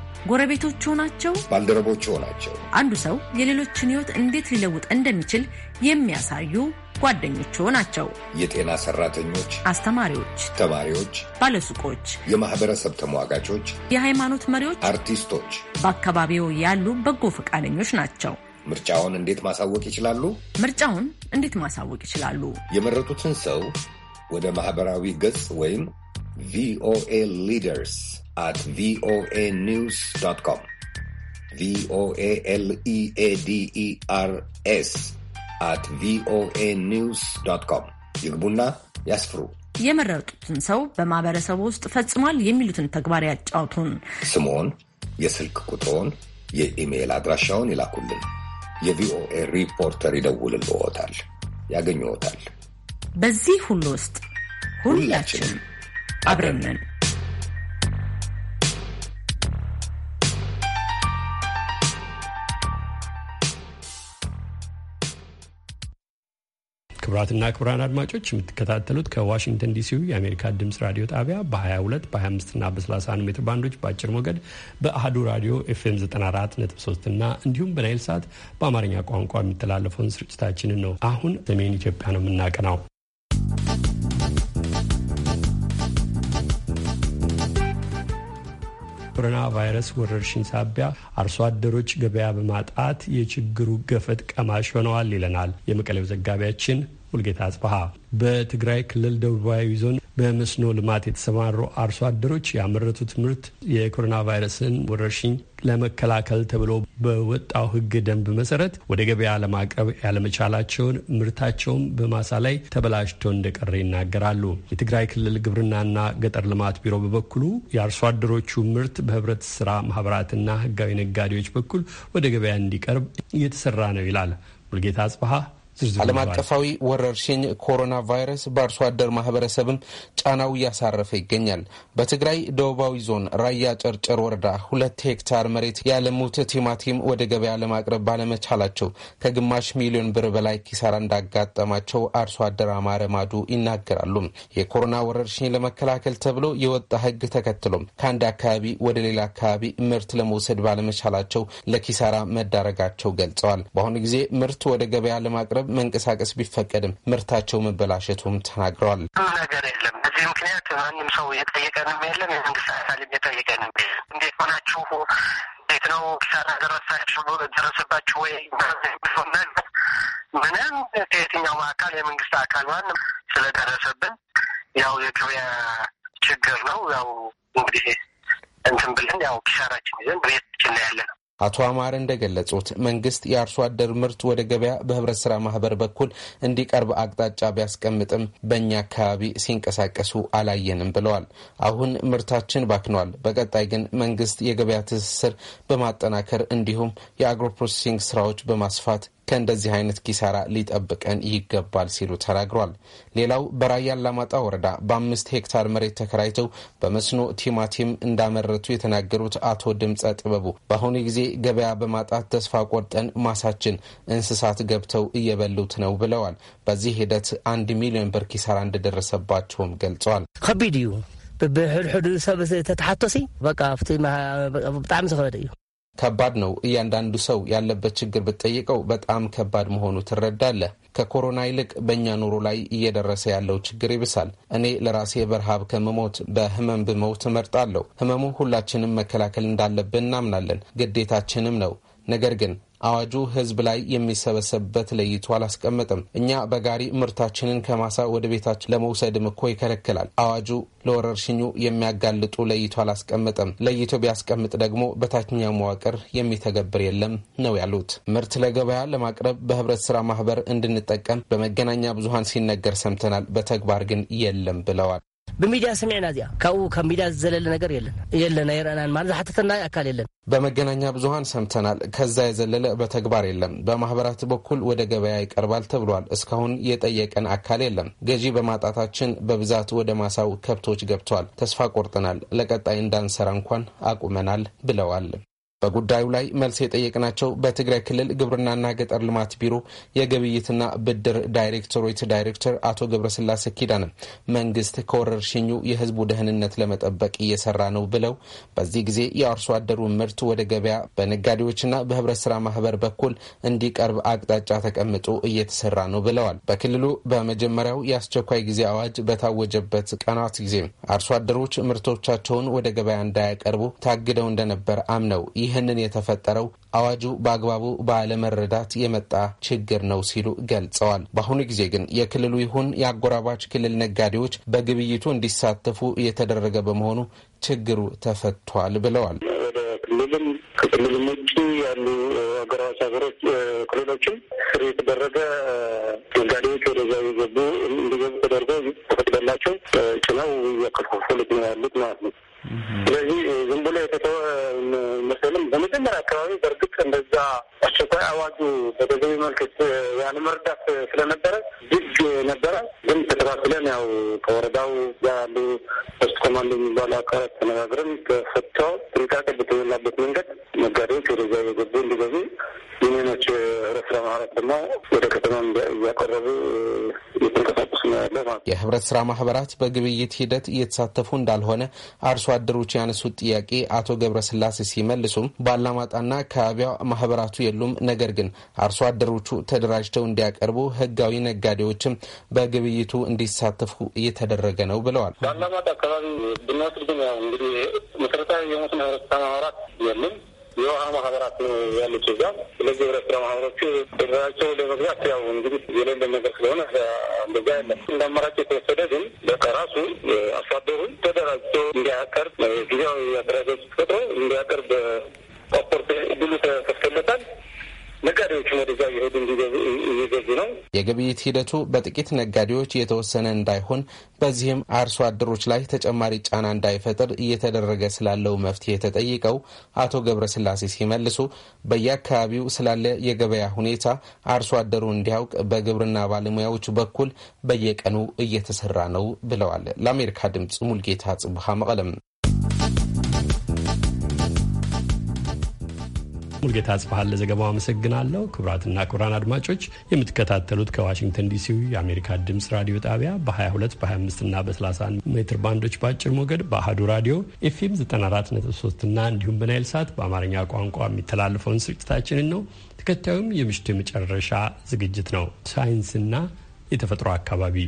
[SPEAKER 9] ጎረቤቶች ናቸው፣
[SPEAKER 6] ባልደረቦች ናቸው።
[SPEAKER 9] አንዱ ሰው የሌሎችን ሕይወት እንዴት ሊለውጥ እንደሚችል የሚያሳዩ ጓደኞች ናቸው።
[SPEAKER 6] የጤና ሰራተኞች፣
[SPEAKER 9] አስተማሪዎች፣ ተማሪዎች፣ ባለሱቆች፣
[SPEAKER 6] የማህበረሰብ ተሟጋቾች፣
[SPEAKER 9] የሃይማኖት መሪዎች፣ አርቲስቶች፣ በአካባቢው ያሉ በጎ ፈቃደኞች ናቸው።
[SPEAKER 6] ምርጫውን እንዴት ማሳወቅ ይችላሉ?
[SPEAKER 9] ምርጫውን እንዴት ማሳወቅ ይችላሉ?
[SPEAKER 6] የመረጡትን ሰው ወደ ማህበራዊ ገጽ ወይም ቪኦኤ ሊደርስ at ቪኦኤ ኒውስ ዶት ኮም ቪኦኤ ኤልኢኤዲኢአርኤስ አት ቪኦኤ ኒውስ ዶት ኮም ይግቡና ያስፍሩ።
[SPEAKER 9] የመረጡትን ሰው በማህበረሰቡ ውስጥ ፈጽሟል የሚሉትን ተግባር ያጫውቱን።
[SPEAKER 6] ስሞን፣ የስልክ ቁጥሮን፣ የኢሜይል አድራሻውን ይላኩልን። የቪኦኤ ሪፖርተር ይደውልልዎታል፣ ያገኝዎታል።
[SPEAKER 9] በዚህ ሁሉ ውስጥ ሁላችንም
[SPEAKER 6] አብረን
[SPEAKER 1] ክቡራትና ክቡራን አድማጮች የምትከታተሉት ከዋሽንግተን ዲሲው የአሜሪካ ድምጽ ራዲዮ ጣቢያ በ22 በ25ና በ31 ሜትር ባንዶች በአጭር ሞገድ በአህዱ ራዲዮ ኤፍኤም 94.3 እና እንዲሁም በናይል ሰዓት በአማርኛ ቋንቋ የሚተላለፈውን ስርጭታችንን ነው። አሁን ሰሜን ኢትዮጵያ ነው የምናቀናው። ኮሮና ቫይረስ ወረርሽኝ ሳቢያ አርሶ አደሮች ገበያ በማጣት የችግሩ ገፈት ቀማሽ ሆነዋል ይለናል የመቀሌው ዘጋቢያችን ሙልጌታ አጽበሀ በትግራይ ክልል ደቡባዊ ዞን በመስኖ ልማት የተሰማሩ አርሶ አደሮች ያመረቱት ምርት የኮሮና ቫይረስን ወረርሽኝ ለመከላከል ተብሎ በወጣው ሕግ ደንብ መሰረት ወደ ገበያ ለማቅረብ ያለመቻላቸውን ምርታቸውን በማሳ ላይ ተበላሽቶ እንደቀረ ይናገራሉ። የትግራይ ክልል ግብርናና ገጠር ልማት ቢሮ በበኩሉ የአርሶ አደሮቹ ምርት በህብረት ስራ ማህበራትና ህጋዊ ነጋዴዎች በኩል ወደ ገበያ እንዲቀርብ እየተሰራ ነው ይላል። ሙልጌታ አጽበሀ
[SPEAKER 7] ዓለም አቀፋዊ ወረርሽኝ ኮሮና ቫይረስ በአርሶ አደር ማህበረሰብም ጫናው እያሳረፈ ይገኛል። በትግራይ ደቡባዊ ዞን ራያ ጨርጨር ወረዳ ሁለት ሄክታር መሬት ያለሙት ቲማቲም ወደ ገበያ ለማቅረብ ባለመቻላቸው ከግማሽ ሚሊዮን ብር በላይ ኪሳራ እንዳጋጠማቸው አርሶ አደር አማረ ማዱ ይናገራሉ። የኮሮና ወረርሽኝ ለመከላከል ተብሎ የወጣ ሕግ ተከትሎም ከአንድ አካባቢ ወደ ሌላ አካባቢ ምርት ለመውሰድ ባለመቻላቸው ለኪሳራ መዳረጋቸው ገልጸዋል። በአሁኑ ጊዜ ምርት ወደ ገበያ ለማቅረብ ለማቅረብ መንቀሳቀስ ቢፈቀድም ምርታቸው መበላሸቱም ተናግረዋል። ምንም
[SPEAKER 2] ነገር የለም። በዚህ ምክንያት ማንም ሰው እየጠየቀንም የለም የመንግስት አካል እየጠየቀንም የለም። እንዴት ሆናችሁ እንዴት ነው ኪሳራ ደረሳችሁ ደረሰባችሁ ወይ ምንም ከየትኛውም አካል የመንግስት አካል ማንም ስለደረሰብን ያው የገበያ ችግር ነው። ያው እንግዲህ እንትን ብለን ያው ኪሳራችን ይዘን ቤታችን ችላ ያለ
[SPEAKER 7] ነው። አቶ አማር እንደገለጹት መንግስት የአርሶ አደር ምርት ወደ ገበያ በህብረት ስራ ማህበር በኩል እንዲቀርብ አቅጣጫ ቢያስቀምጥም በእኛ አካባቢ ሲንቀሳቀሱ አላየንም ብለዋል። አሁን ምርታችን ባክኗል። በቀጣይ ግን መንግስት የገበያ ትስስር በማጠናከር እንዲሁም የአግሮ ፕሮሴሲንግ ስራዎች በማስፋት ከእንደዚህ አይነት ኪሳራ ሊጠብቀን ይገባል ሲሉ ተናግሯል። ሌላው በራያ አላማጣ ወረዳ በአምስት ሄክታር መሬት ተከራይተው በመስኖ ቲማቲም እንዳመረቱ የተናገሩት አቶ ድምፀ ጥበቡ በአሁኑ ጊዜ ገበያ በማጣት ተስፋ ቆርጠን ማሳችን እንስሳት ገብተው እየበሉት ነው ብለዋል። በዚህ ሂደት አንድ ሚሊዮን ብር ኪሳራ እንደደረሰባቸውም ገልጸዋል። ከቢድ
[SPEAKER 13] እዩ ብብሕድሕዱ ሰብ ተተሓቶሲ በቃ ብጣዕሚ ዝኸበደ እዩ
[SPEAKER 7] ከባድ ነው። እያንዳንዱ ሰው ያለበት ችግር ብትጠይቀው በጣም ከባድ መሆኑ ትረዳለህ። ከኮሮና ይልቅ በእኛ ኑሮ ላይ እየደረሰ ያለው ችግር ይብሳል። እኔ ለራሴ በረሃብ ከመሞት በህመም ብመውት እመርጣለሁ። ህመሙ ሁላችንም መከላከል እንዳለብን እናምናለን፣ ግዴታችንም ነው። ነገር ግን አዋጁ ህዝብ ላይ የሚሰበሰብበት ለይቶ አላስቀመጥም። እኛ በጋሪ ምርታችንን ከማሳ ወደ ቤታችን ለመውሰድም እኮ ይከለክላል አዋጁ። ለወረርሽኙ የሚያጋልጡ ለይቶ አላስቀመጠም። ለይቶ ቢያስቀምጥ ደግሞ በታችኛው መዋቅር የሚተገብር የለም ነው ያሉት። ምርት ለገበያ ለማቅረብ በህብረት ስራ ማህበር እንድንጠቀም በመገናኛ ብዙሀን ሲነገር ሰምተናል፣ በተግባር ግን የለም ብለዋል። ብሚድያ ስሚዕና እዚኣ ካብኡ ካብ ሚድያ ዘለለ ነገር የለን የለና የረአናን ማለት ዝሓተተና ኣካል የለን በመገናኛ ብዙሃን ሰምተናል። ከዛ የዘለለ በተግባር የለም። በማህበራት በኩል ወደ ገበያ ይቀርባል ተብሏል። እስካሁን የጠየቀን አካል የለም። ገዢ በማጣታችን በብዛት ወደ ማሳው ከብቶች ገብተዋል። ተስፋ ቆርጥናል ለቀጣይ እንዳንሰራ እንኳን አቁመናል ብለዋል። በጉዳዩ ላይ መልስ የጠየቅናቸው በትግራይ ክልል ግብርናና ገጠር ልማት ቢሮ የግብይትና ብድር ዳይሬክቶሬት ዳይሬክተር አቶ ገብረስላሴ ኪዳን መንግስት ከወረርሽኙ የህዝቡ ደህንነት ለመጠበቅ እየሰራ ነው ብለው በዚህ ጊዜ የአርሶ አደሩ ምርት ወደ ገበያ በነጋዴዎችና በህብረት ስራ ማህበር በኩል እንዲቀርብ አቅጣጫ ተቀምጦ እየተሰራ ነው ብለዋል። በክልሉ በመጀመሪያው የአስቸኳይ ጊዜ አዋጅ በታወጀበት ቀናት ጊዜ አርሶ አደሮች ምርቶቻቸውን ወደ ገበያ እንዳያቀርቡ ታግደው እንደነበር አምነው ይህ ይህንን የተፈጠረው አዋጁ በአግባቡ ባለመረዳት የመጣ ችግር ነው ሲሉ ገልጸዋል። በአሁኑ ጊዜ ግን የክልሉ ይሁን የአጎራባች ክልል ነጋዴዎች በግብይቱ እንዲሳተፉ እየተደረገ በመሆኑ ችግሩ ተፈቷል ብለዋል።
[SPEAKER 2] ክልልም ከክልልም ውጭ ያሉ አጎራባች ሀገሮች ክልሎችም ስር የተደረገ ነጋዴዎች ወደዛ የገቡ እንዲገቡ ተደርጎ ተፈቅደላቸው ጭነው እያከፋፈሉት ነው ያሉት ማለት ነው። ስለዚህ ዝም ብሎ የተተወ ግን በመጀመሪያ አካባቢ በእርግጥ እንደዛ አስቸኳይ አዋጁ በተገቢ መልክ ያለመርዳት ስለነበረ ዝግ ነበረ። ግን ተከታትለን ያው ከወረዳው ጋር ያሉ ፖስት ኮማንዶ የሚባሉ አካላት ተነጋግረን ተፈቶ ጥንቃቄ በተሞላበት መንገድ ነጋዴዎች ወደዛ እየገቡ እንዲገዙ ዩኒዮኖች ህብረት ስራ ማህበራት ደግሞ ወደ ከተማ
[SPEAKER 14] እያቀረቡ እየተንቀሳቀሱ ነው ያለ ማለት
[SPEAKER 7] የህብረት ስራ ማህበራት በግብይት ሂደት እየተሳተፉ እንዳልሆነ አርሶ አደሮች ያነሱት ጥያቄ አቶ ገብረስላሴ ሲመልሱም ባላማጣና አካባቢያ ማህበራቱ የሉም፣ ነገር ግን አርሶ አደሮቹ ተደራጅተው እንዲያቀርቡ ህጋዊ ነጋዴዎችም በግብይት በውይይቱ እንዲሳተፉ እየተደረገ ነው ብለዋል።
[SPEAKER 11] በአላማጣ አካባቢ ብንወስድ ግን ያው እንግዲህ መሰረታዊ የሞት ማህበራት የለም የውሃ ማህበራት ነው ያሉት እዛ። ስለዚህ ህብረት ስራ ማህበሮቹ ብራቸው ለመግዛት ያው እንግዲህ
[SPEAKER 2] የሌለ ነገር ስለሆነ እንደዛ ያለ እንደ አማራጭ የተወሰደ ግን በራሱ አርሶ አደሩን ተደራጅቶ እንዲያቀርብ ጊዜያዊ አደራጆች ፈጥሮ እንዲያቀርብ
[SPEAKER 14] ፓስፖርት ብሉ ነጋዴዎቹ ወደዛ እየሄዱ እየገዙ ነው።
[SPEAKER 7] የግብይት ሂደቱ በጥቂት ነጋዴዎች የተወሰነ እንዳይሆን በዚህም አርሶ አደሮች ላይ ተጨማሪ ጫና እንዳይፈጥር እየተደረገ ስላለው መፍትሄ ተጠይቀው አቶ ገብረስላሴ ሲመልሱ በየአካባቢው ስላለ የገበያ ሁኔታ አርሶ አደሩ እንዲያውቅ በግብርና ባለሙያዎች በኩል በየቀኑ እየተሰራ ነው ብለዋል። ለአሜሪካ ድምጽ ሙልጌታ ጽቡሃ መቀለም
[SPEAKER 1] ሙልጌታ ጽፋሃል ለዘገባው አመሰግናለሁ። ክቡራትና ክቡራን አድማጮች የምትከታተሉት ከዋሽንግተን ዲሲው የአሜሪካ ድምፅ ራዲዮ ጣቢያ በ22 በ25 እና በ31 ሜትር ባንዶች በአጭር ሞገድ በአህዱ ራዲዮ ኤፍኤም 943 እና እንዲሁም በናይል ሳት በአማርኛ ቋንቋ የሚተላለፈውን ስርጭታችንን ነው። ተከታዩም የምሽቱ የመጨረሻ ዝግጅት ነው። ሳይንስና የተፈጥሮ አካባቢ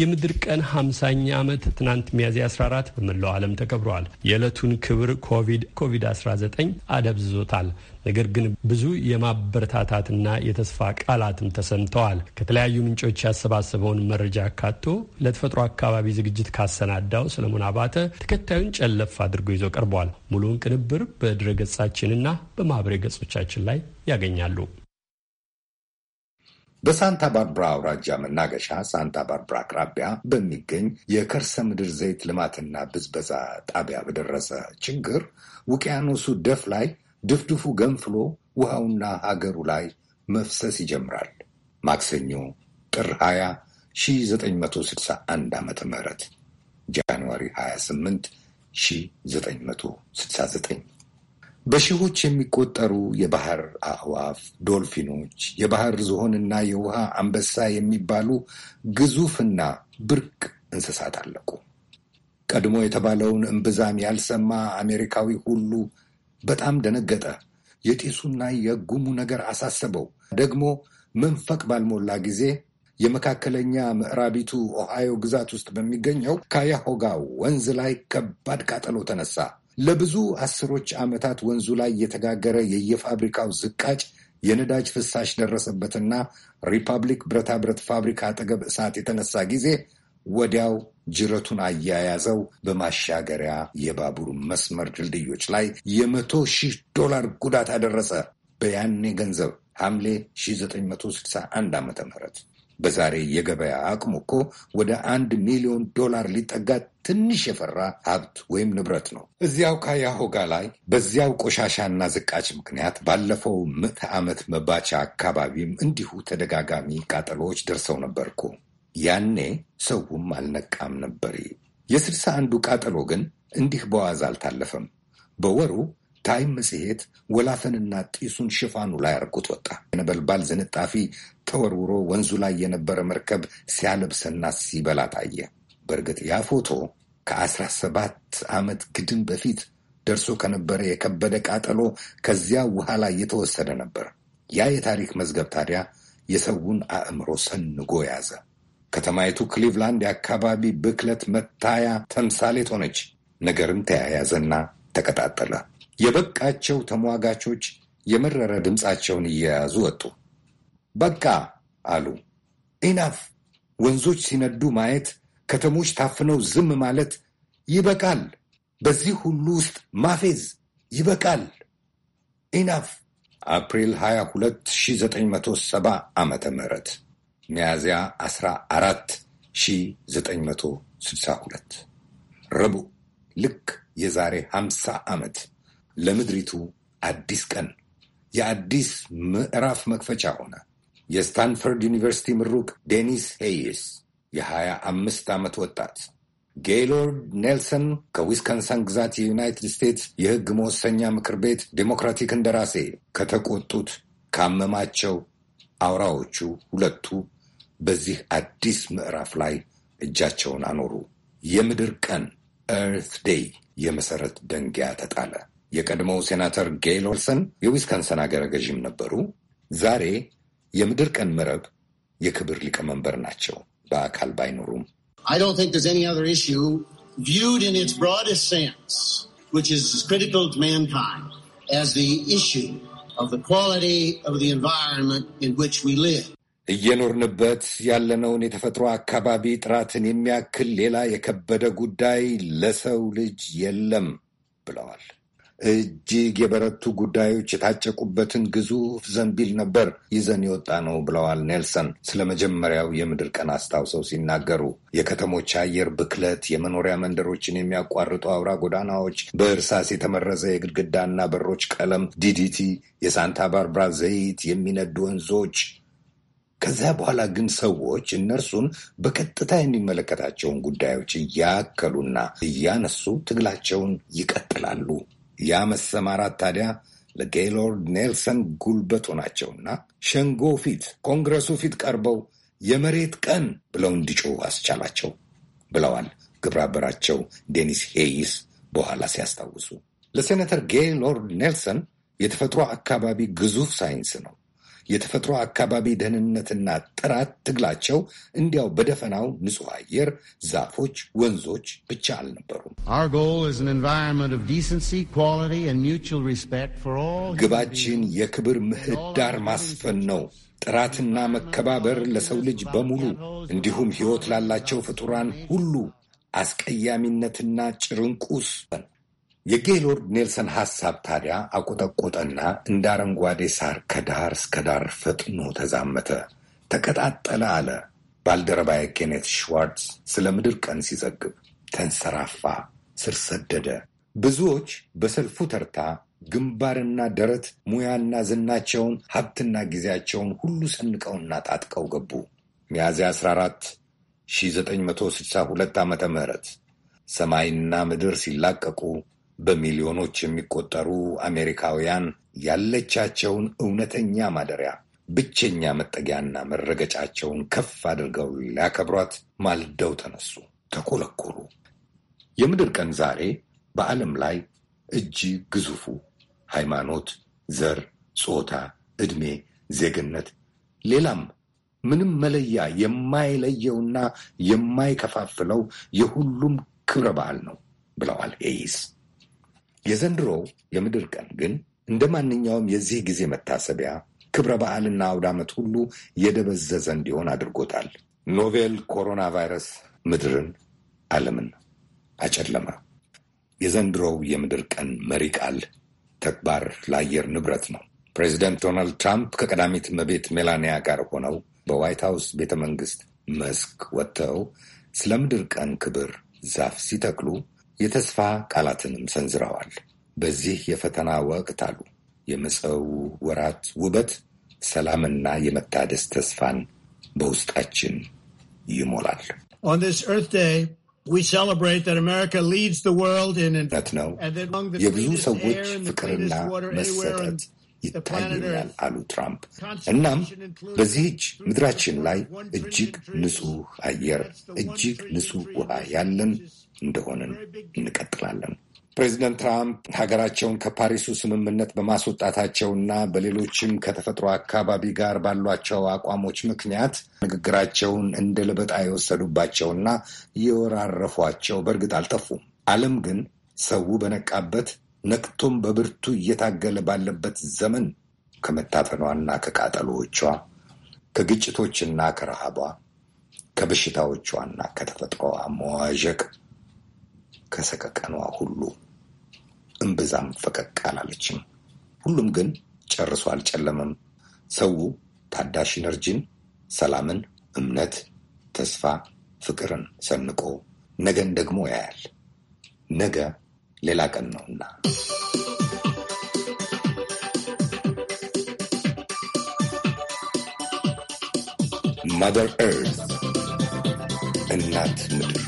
[SPEAKER 1] የምድር ቀን 50ኛ ዓመት ትናንት ሚያዝያ 14 በመላው ዓለም ተከብሯል። የዕለቱን ክብር ኮቪድ ኮቪድ-19 አደብዝዞታል። ነገር ግን ብዙ የማበረታታትና የተስፋ ቃላትም ተሰምተዋል። ከተለያዩ ምንጮች ያሰባሰበውን መረጃ አካቶ ለተፈጥሮ አካባቢ ዝግጅት ካሰናዳው ሰለሞን አባተ ተከታዩን ጨለፍ አድርጎ ይዞ ቀርቧል። ሙሉውን ቅንብር በድረ ገጻችንና በማኅበሬ ገጾቻችን ላይ ያገኛሉ። በሳንታ ባርብራ
[SPEAKER 6] አውራጃ መናገሻ ሳንታ ባርብራ አቅራቢያ በሚገኝ የከርሰ ምድር ዘይት ልማትና ብዝበዛ ጣቢያ በደረሰ ችግር ውቅያኖሱ ደፍ ላይ ድፍድፉ ገንፍሎ ውሃውና ሀገሩ ላይ መፍሰስ ይጀምራል። ማክሰኞ ጥር 20 1961 ዓ ም ጃንዋሪ 28 1969 በሺዎች የሚቆጠሩ የባህር አዕዋፍ፣ ዶልፊኖች፣ የባህር ዝሆንና የውሃ አንበሳ የሚባሉ ግዙፍና ብርቅ እንስሳት አለቁ። ቀድሞ የተባለውን እምብዛም ያልሰማ አሜሪካዊ ሁሉ በጣም ደነገጠ። የጢሱና የጉሙ ነገር አሳሰበው። ደግሞ መንፈቅ ባልሞላ ጊዜ የመካከለኛ ምዕራቢቱ ኦሃዮ ግዛት ውስጥ በሚገኘው ካያሆጋ ወንዝ ላይ ከባድ ቃጠሎ ተነሳ። ለብዙ አስሮች ዓመታት ወንዙ ላይ የተጋገረ የየፋብሪካው ዝቃጭ የነዳጅ ፍሳሽ ደረሰበትና ሪፐብሊክ ብረታ ብረት ፋብሪካ አጠገብ እሳት የተነሳ ጊዜ ወዲያው ጅረቱን አያያዘው። በማሻገሪያ የባቡር መስመር ድልድዮች ላይ የመቶ ሺህ ዶላር ጉዳት አደረሰ። በያኔ ገንዘብ ሐምሌ 1961 ዓ ም በዛሬ የገበያ አቅሙ እኮ ወደ አንድ ሚሊዮን ዶላር ሊጠጋ ትንሽ የፈራ ሀብት ወይም ንብረት ነው። እዚያው ካያሆጋ ላይ በዚያው ቆሻሻና ዝቃጭ ምክንያት ባለፈው ምዕተ ዓመት መባቻ አካባቢም እንዲሁ ተደጋጋሚ ቃጠሎዎች ደርሰው ነበር እኮ። ያኔ ሰውም አልነቃም ነበር። የስልሳ አንዱ ቃጠሎ ግን እንዲህ በዋዝ አልታለፈም። በወሩ ታይም መጽሔት ወላፈንና ጢሱን ሽፋኑ ላይ አርጎት ወጣ። የነበልባል ዝንጣፊ ተወርውሮ ወንዙ ላይ የነበረ መርከብ ሲያለብስና ሲበላ ታየ። በእርግጥ ያ ፎቶ ከአስራ ሰባት ዓመት ግድም በፊት ደርሶ ከነበረ የከበደ ቃጠሎ ከዚያ ውሃ ላይ የተወሰደ ነበር። ያ የታሪክ መዝገብ ታዲያ የሰውን አእምሮ ሰንጎ ያዘ። ከተማይቱ ክሊቭላንድ የአካባቢ ብክለት መታያ ተምሳሌት ሆነች። ነገርም ተያያዘና ተቀጣጠለ። የበቃቸው ተሟጋቾች የመረረ ድምፃቸውን እየያዙ ወጡ። በቃ አሉ። ኢናፍ! ወንዞች ሲነዱ ማየት፣ ከተሞች ታፍነው ዝም ማለት ይበቃል። በዚህ ሁሉ ውስጥ ማፌዝ ይበቃል። ኢናፍ! አፕሪል 22 ዓ ም ሚያዝያ 14962 ረቡዕ ልክ የዛሬ 50 ዓመት ለምድሪቱ አዲስ ቀን፣ የአዲስ ምዕራፍ መክፈቻ ሆነ። የስታንፈርድ ዩኒቨርሲቲ ምሩቅ ዴኒስ ሄይስ የሀያ አምስት ዓመት ወጣት ጌይሎርድ ኔልሰን ከዊስከንሰን ግዛት የዩናይትድ ስቴትስ የሕግ መወሰኛ ምክር ቤት ዴሞክራቲክ እንደራሴ ከተቆጡት ካመማቸው አውራዎቹ ሁለቱ በዚህ አዲስ ምዕራፍ ላይ እጃቸውን አኖሩ። የምድር ቀን ኤርት ዴይ የመሰረት ደንጊያ ተጣለ። የቀድሞው ሴናተር ጌይሎርሰን የዊስካንሰን አገረ ገዥም ነበሩ። ዛሬ የምድር ቀን መረብ የክብር ሊቀመንበር ናቸው። በአካል ባይኖሩም እየኖርንበት ያለነውን የተፈጥሮ አካባቢ ጥራትን የሚያክል ሌላ የከበደ ጉዳይ ለሰው ልጅ የለም ብለዋል። እጅግ የበረቱ ጉዳዮች የታጨቁበትን ግዙፍ ዘንቢል ነበር ይዘን የወጣ ነው ብለዋል ኔልሰን ስለ መጀመሪያው የምድር ቀን አስታውሰው ሲናገሩ። የከተሞች አየር ብክለት፣ የመኖሪያ መንደሮችን የሚያቋርጡ አውራ ጎዳናዎች፣ በእርሳስ የተመረዘ የግድግዳና በሮች ቀለም፣ ዲዲቲ፣ የሳንታ ባርብራ ዘይት፣ የሚነዱ ወንዞች። ከዚያ በኋላ ግን ሰዎች እነርሱን በቀጥታ የሚመለከታቸውን ጉዳዮች እያከሉና እያነሱ ትግላቸውን ይቀጥላሉ። ያ መሰማራት ታዲያ ለጌይሎርድ ኔልሰን ጉልበቱ ናቸውና ሸንጎ ፊት፣ ኮንግረሱ ፊት ቀርበው የመሬት ቀን ብለው እንዲጮሁ አስቻላቸው ብለዋል ግብራበራቸው ዴኒስ ሄይስ በኋላ ሲያስታውሱ። ለሴኔተር ጌይሎርድ ኔልሰን የተፈጥሮ አካባቢ ግዙፍ ሳይንስ ነው። የተፈጥሮ አካባቢ ደህንነትና ጥራት ትግላቸው እንዲያው በደፈናው ንጹህ አየር፣ ዛፎች፣ ወንዞች ብቻ አልነበሩም። ግባችን የክብር ምህዳር ማስፈን ነው። ጥራትና መከባበር ለሰው ልጅ በሙሉ እንዲሁም ሕይወት ላላቸው ፍጡራን ሁሉ አስቀያሚነትና ጭርንቁስ የጌሎርድ ኔልሰን ሐሳብ ታዲያ አቆጠቆጠና እንደ አረንጓዴ ሳር ከዳር እስከ ዳር ፈጥኖ ተዛመተ፣ ተቀጣጠለ አለ ባልደረባዬ ኬኔት ሽዋርትስ ስለ ምድር ቀን ሲዘግብ። ተንሰራፋ፣ ስር ሰደደ። ብዙዎች በሰልፉ ተርታ ግንባርና ደረት ሙያና ዝናቸውን ሀብትና ጊዜያቸውን ሁሉ ሰንቀውና ጣጥቀው ገቡ። ሚያዝያ 14 1962 ዓ ም ሰማይና ምድር ሲላቀቁ በሚሊዮኖች የሚቆጠሩ አሜሪካውያን ያለቻቸውን እውነተኛ ማደሪያ፣ ብቸኛ መጠጊያና መረገጫቸውን ከፍ አድርገው ሊያከብሯት ማልደው ተነሱ፣ ተኮለኮሉ። የምድር ቀን ዛሬ በዓለም ላይ እጅግ ግዙፉ ሃይማኖት፣ ዘር፣ ጾታ፣ ዕድሜ፣ ዜግነት ሌላም ምንም መለያ የማይለየውና የማይከፋፍለው የሁሉም ክብረ በዓል ነው ብለዋል ሄይስ። የዘንድሮው የምድር ቀን ግን እንደ ማንኛውም የዚህ ጊዜ መታሰቢያ ክብረ በዓልና አውደ ዓመት ሁሉ የደበዘዘ እንዲሆን አድርጎታል። ኖቬል ኮሮና ቫይረስ ምድርን፣ ዓለምን አጨለመ። የዘንድሮው የምድር ቀን መሪ ቃል ተግባር ለአየር ንብረት ነው። ፕሬዚደንት ዶናልድ ትራምፕ ከቀዳሚት እመቤት ሜላኒያ ጋር ሆነው በዋይት ሀውስ ቤተ መንግስት መስክ ወጥተው ስለ ምድር ቀን ክብር ዛፍ ሲተክሉ የተስፋ ቃላትንም ሰንዝረዋል። በዚህ የፈተና ወቅት አሉ የመጸው ወራት ውበት ሰላምና የመታደስ ተስፋን በውስጣችን
[SPEAKER 2] ይሞላል። ነት ነው የብዙ ሰዎች ፍቅርና መሰጠት
[SPEAKER 6] ይታየናል አሉ ትራምፕ። እናም በዚህች ምድራችን ላይ እጅግ ንጹህ አየር፣ እጅግ ንጹህ ውሃ ያለን እንደሆንን እንቀጥላለን። ፕሬዚደንት ትራምፕ ሀገራቸውን ከፓሪሱ ስምምነት በማስወጣታቸውና በሌሎችም ከተፈጥሮ አካባቢ ጋር ባሏቸው አቋሞች ምክንያት ንግግራቸውን እንደ ልበጣ የወሰዱባቸውና የወራረፏቸው በእርግጥ አልጠፉም። ዓለም ግን ሰው በነቃበት ነቅቶም በብርቱ እየታገለ ባለበት ዘመን ከመታፈኗና ከቃጠሎዎቿ፣ ከግጭቶችና ከረሃቧ፣ ከበሽታዎቿና ከተፈጥሮ መዋዠቅ ከሰቀቀኗ ሁሉ እምብዛም ፈቀቅ አላለችም። ሁሉም ግን ጨርሶ አልጨለመም። ሰው ታዳሽ ኢነርጂን፣ ሰላምን፣ እምነት፣ ተስፋ፣ ፍቅርን ሰንቆ ነገን ደግሞ ያያል። ነገ ሌላ ቀን ነውና ማደር ኤርዝ እናት ምድር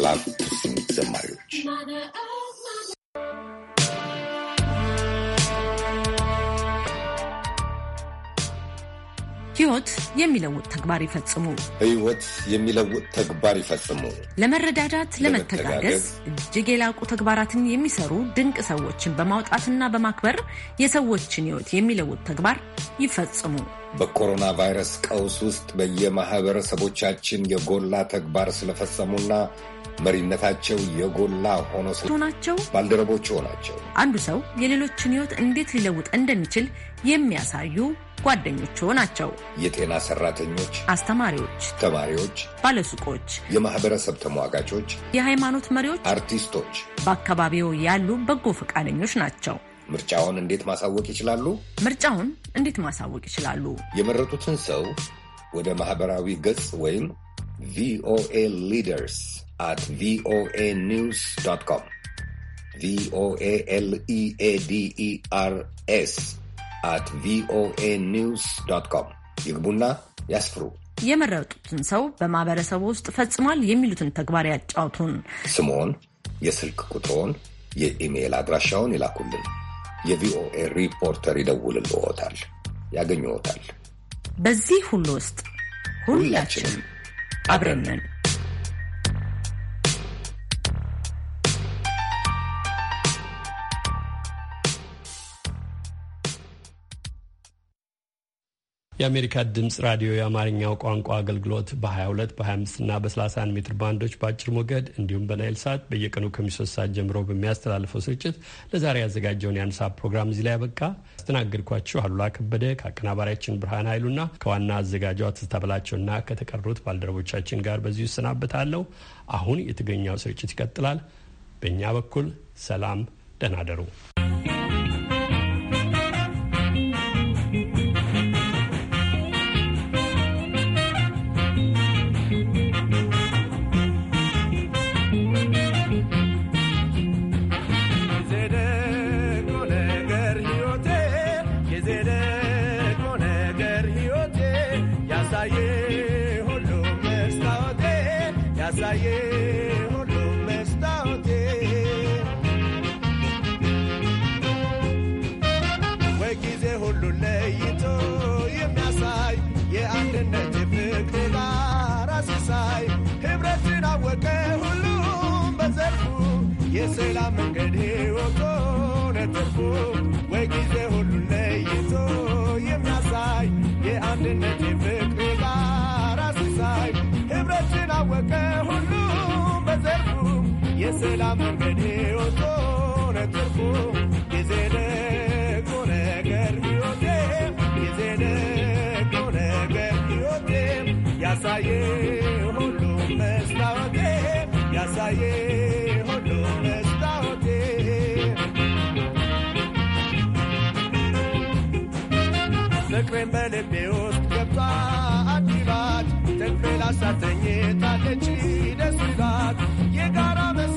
[SPEAKER 6] ታላቁ ስንኝ
[SPEAKER 14] ዘማሪዎች
[SPEAKER 9] ህይወት የሚለውጥ ተግባር ይፈጽሙ።
[SPEAKER 6] ህይወት የሚለውጥ ተግባር ይፈጽሙ።
[SPEAKER 9] ለመረዳዳት፣ ለመተጋገዝ እጅግ የላቁ ተግባራትን የሚሰሩ ድንቅ ሰዎችን በማውጣትና በማክበር የሰዎችን ህይወት የሚለውጥ ተግባር ይፈጽሙ።
[SPEAKER 6] በኮሮና ቫይረስ ቀውስ ውስጥ በየማህበረሰቦቻችን የጎላ ተግባር ስለፈጸሙና መሪነታቸው የጎላ ሆኖ ናቸው ባልደረቦች ሆናቸው
[SPEAKER 9] አንዱ ሰው የሌሎችን ህይወት እንዴት ሊለውጥ እንደሚችል የሚያሳዩ ጓደኞቹ ናቸው።
[SPEAKER 6] የጤና ሰራተኞች፣
[SPEAKER 9] አስተማሪዎች፣
[SPEAKER 6] ተማሪዎች፣ ባለሱቆች፣ የማህበረሰብ ተሟጋቾች፣
[SPEAKER 9] የሃይማኖት መሪዎች፣
[SPEAKER 6] አርቲስቶች፣
[SPEAKER 9] በአካባቢው ያሉ በጎ ፈቃደኞች ናቸው።
[SPEAKER 6] ምርጫውን እንዴት ማሳወቅ ይችላሉ?
[SPEAKER 9] ምርጫውን እንዴት ማሳወቅ ይችላሉ?
[SPEAKER 6] የመረጡትን ሰው ወደ ማህበራዊ ገጽ ወይም ቪኦኤ ሊደርስ አት ቪኦኤ ኒውስ ዶት ኮም ቪኦኤ ኤልኢኤዲኢአርኤስ አት ቪኦኤ ኒውስ ዶት ኮም ይግቡና ያስፍሩ።
[SPEAKER 9] የመረጡትን ሰው በማህበረሰቡ ውስጥ ፈጽሟል የሚሉትን ተግባር ያጫውቱን።
[SPEAKER 6] ስሞን፣ የስልክ ቁጥሮን፣ የኢሜይል አድራሻውን ይላኩልን። የቪኦኤ ሪፖርተር ይደውልልዎታል፣ ያገኘዎታል።
[SPEAKER 9] በዚህ ሁሉ ውስጥ ሁላችንም አብረን
[SPEAKER 1] የአሜሪካ ድምፅ ራዲዮ የአማርኛው ቋንቋ አገልግሎት በ22 በ25ና በ31 ሜትር ባንዶች በአጭር ሞገድ እንዲሁም በናይል ሰዓት በየቀኑ ከሚሶስት ሰዓት ጀምሮ በሚያስተላልፈው ስርጭት ለዛሬ ያዘጋጀውን የአንድ ሰዓት ፕሮግራም እዚህ ላይ ያበቃ። ያስተናገድኳችሁ አሉላ ከበደ ከአቀናባሪያችን ብርሃን ኃይሉና ከዋና አዘጋጇ ትዝታ በላቸውና ከተቀሩት ባልደረቦቻችን ጋር በዚሁ ይሰናበታለሁ። አሁን የትግርኛው ስርጭት ይቀጥላል። በእኛ በኩል ሰላም፣ ደህና ደሩ።
[SPEAKER 14] ሰላም መንገዴ ወቶ ነትርፉ ጊዜ ደጎ ነገር ቢወቴ ጊዜ ያሳየ ሁሉ መስታወቴ ያሳየ ሁሉ መስታወቴ ፍቅሬን ውስጥ ገብታ አዲባት ትክፌል አሳተኝታለች ደስ ይላት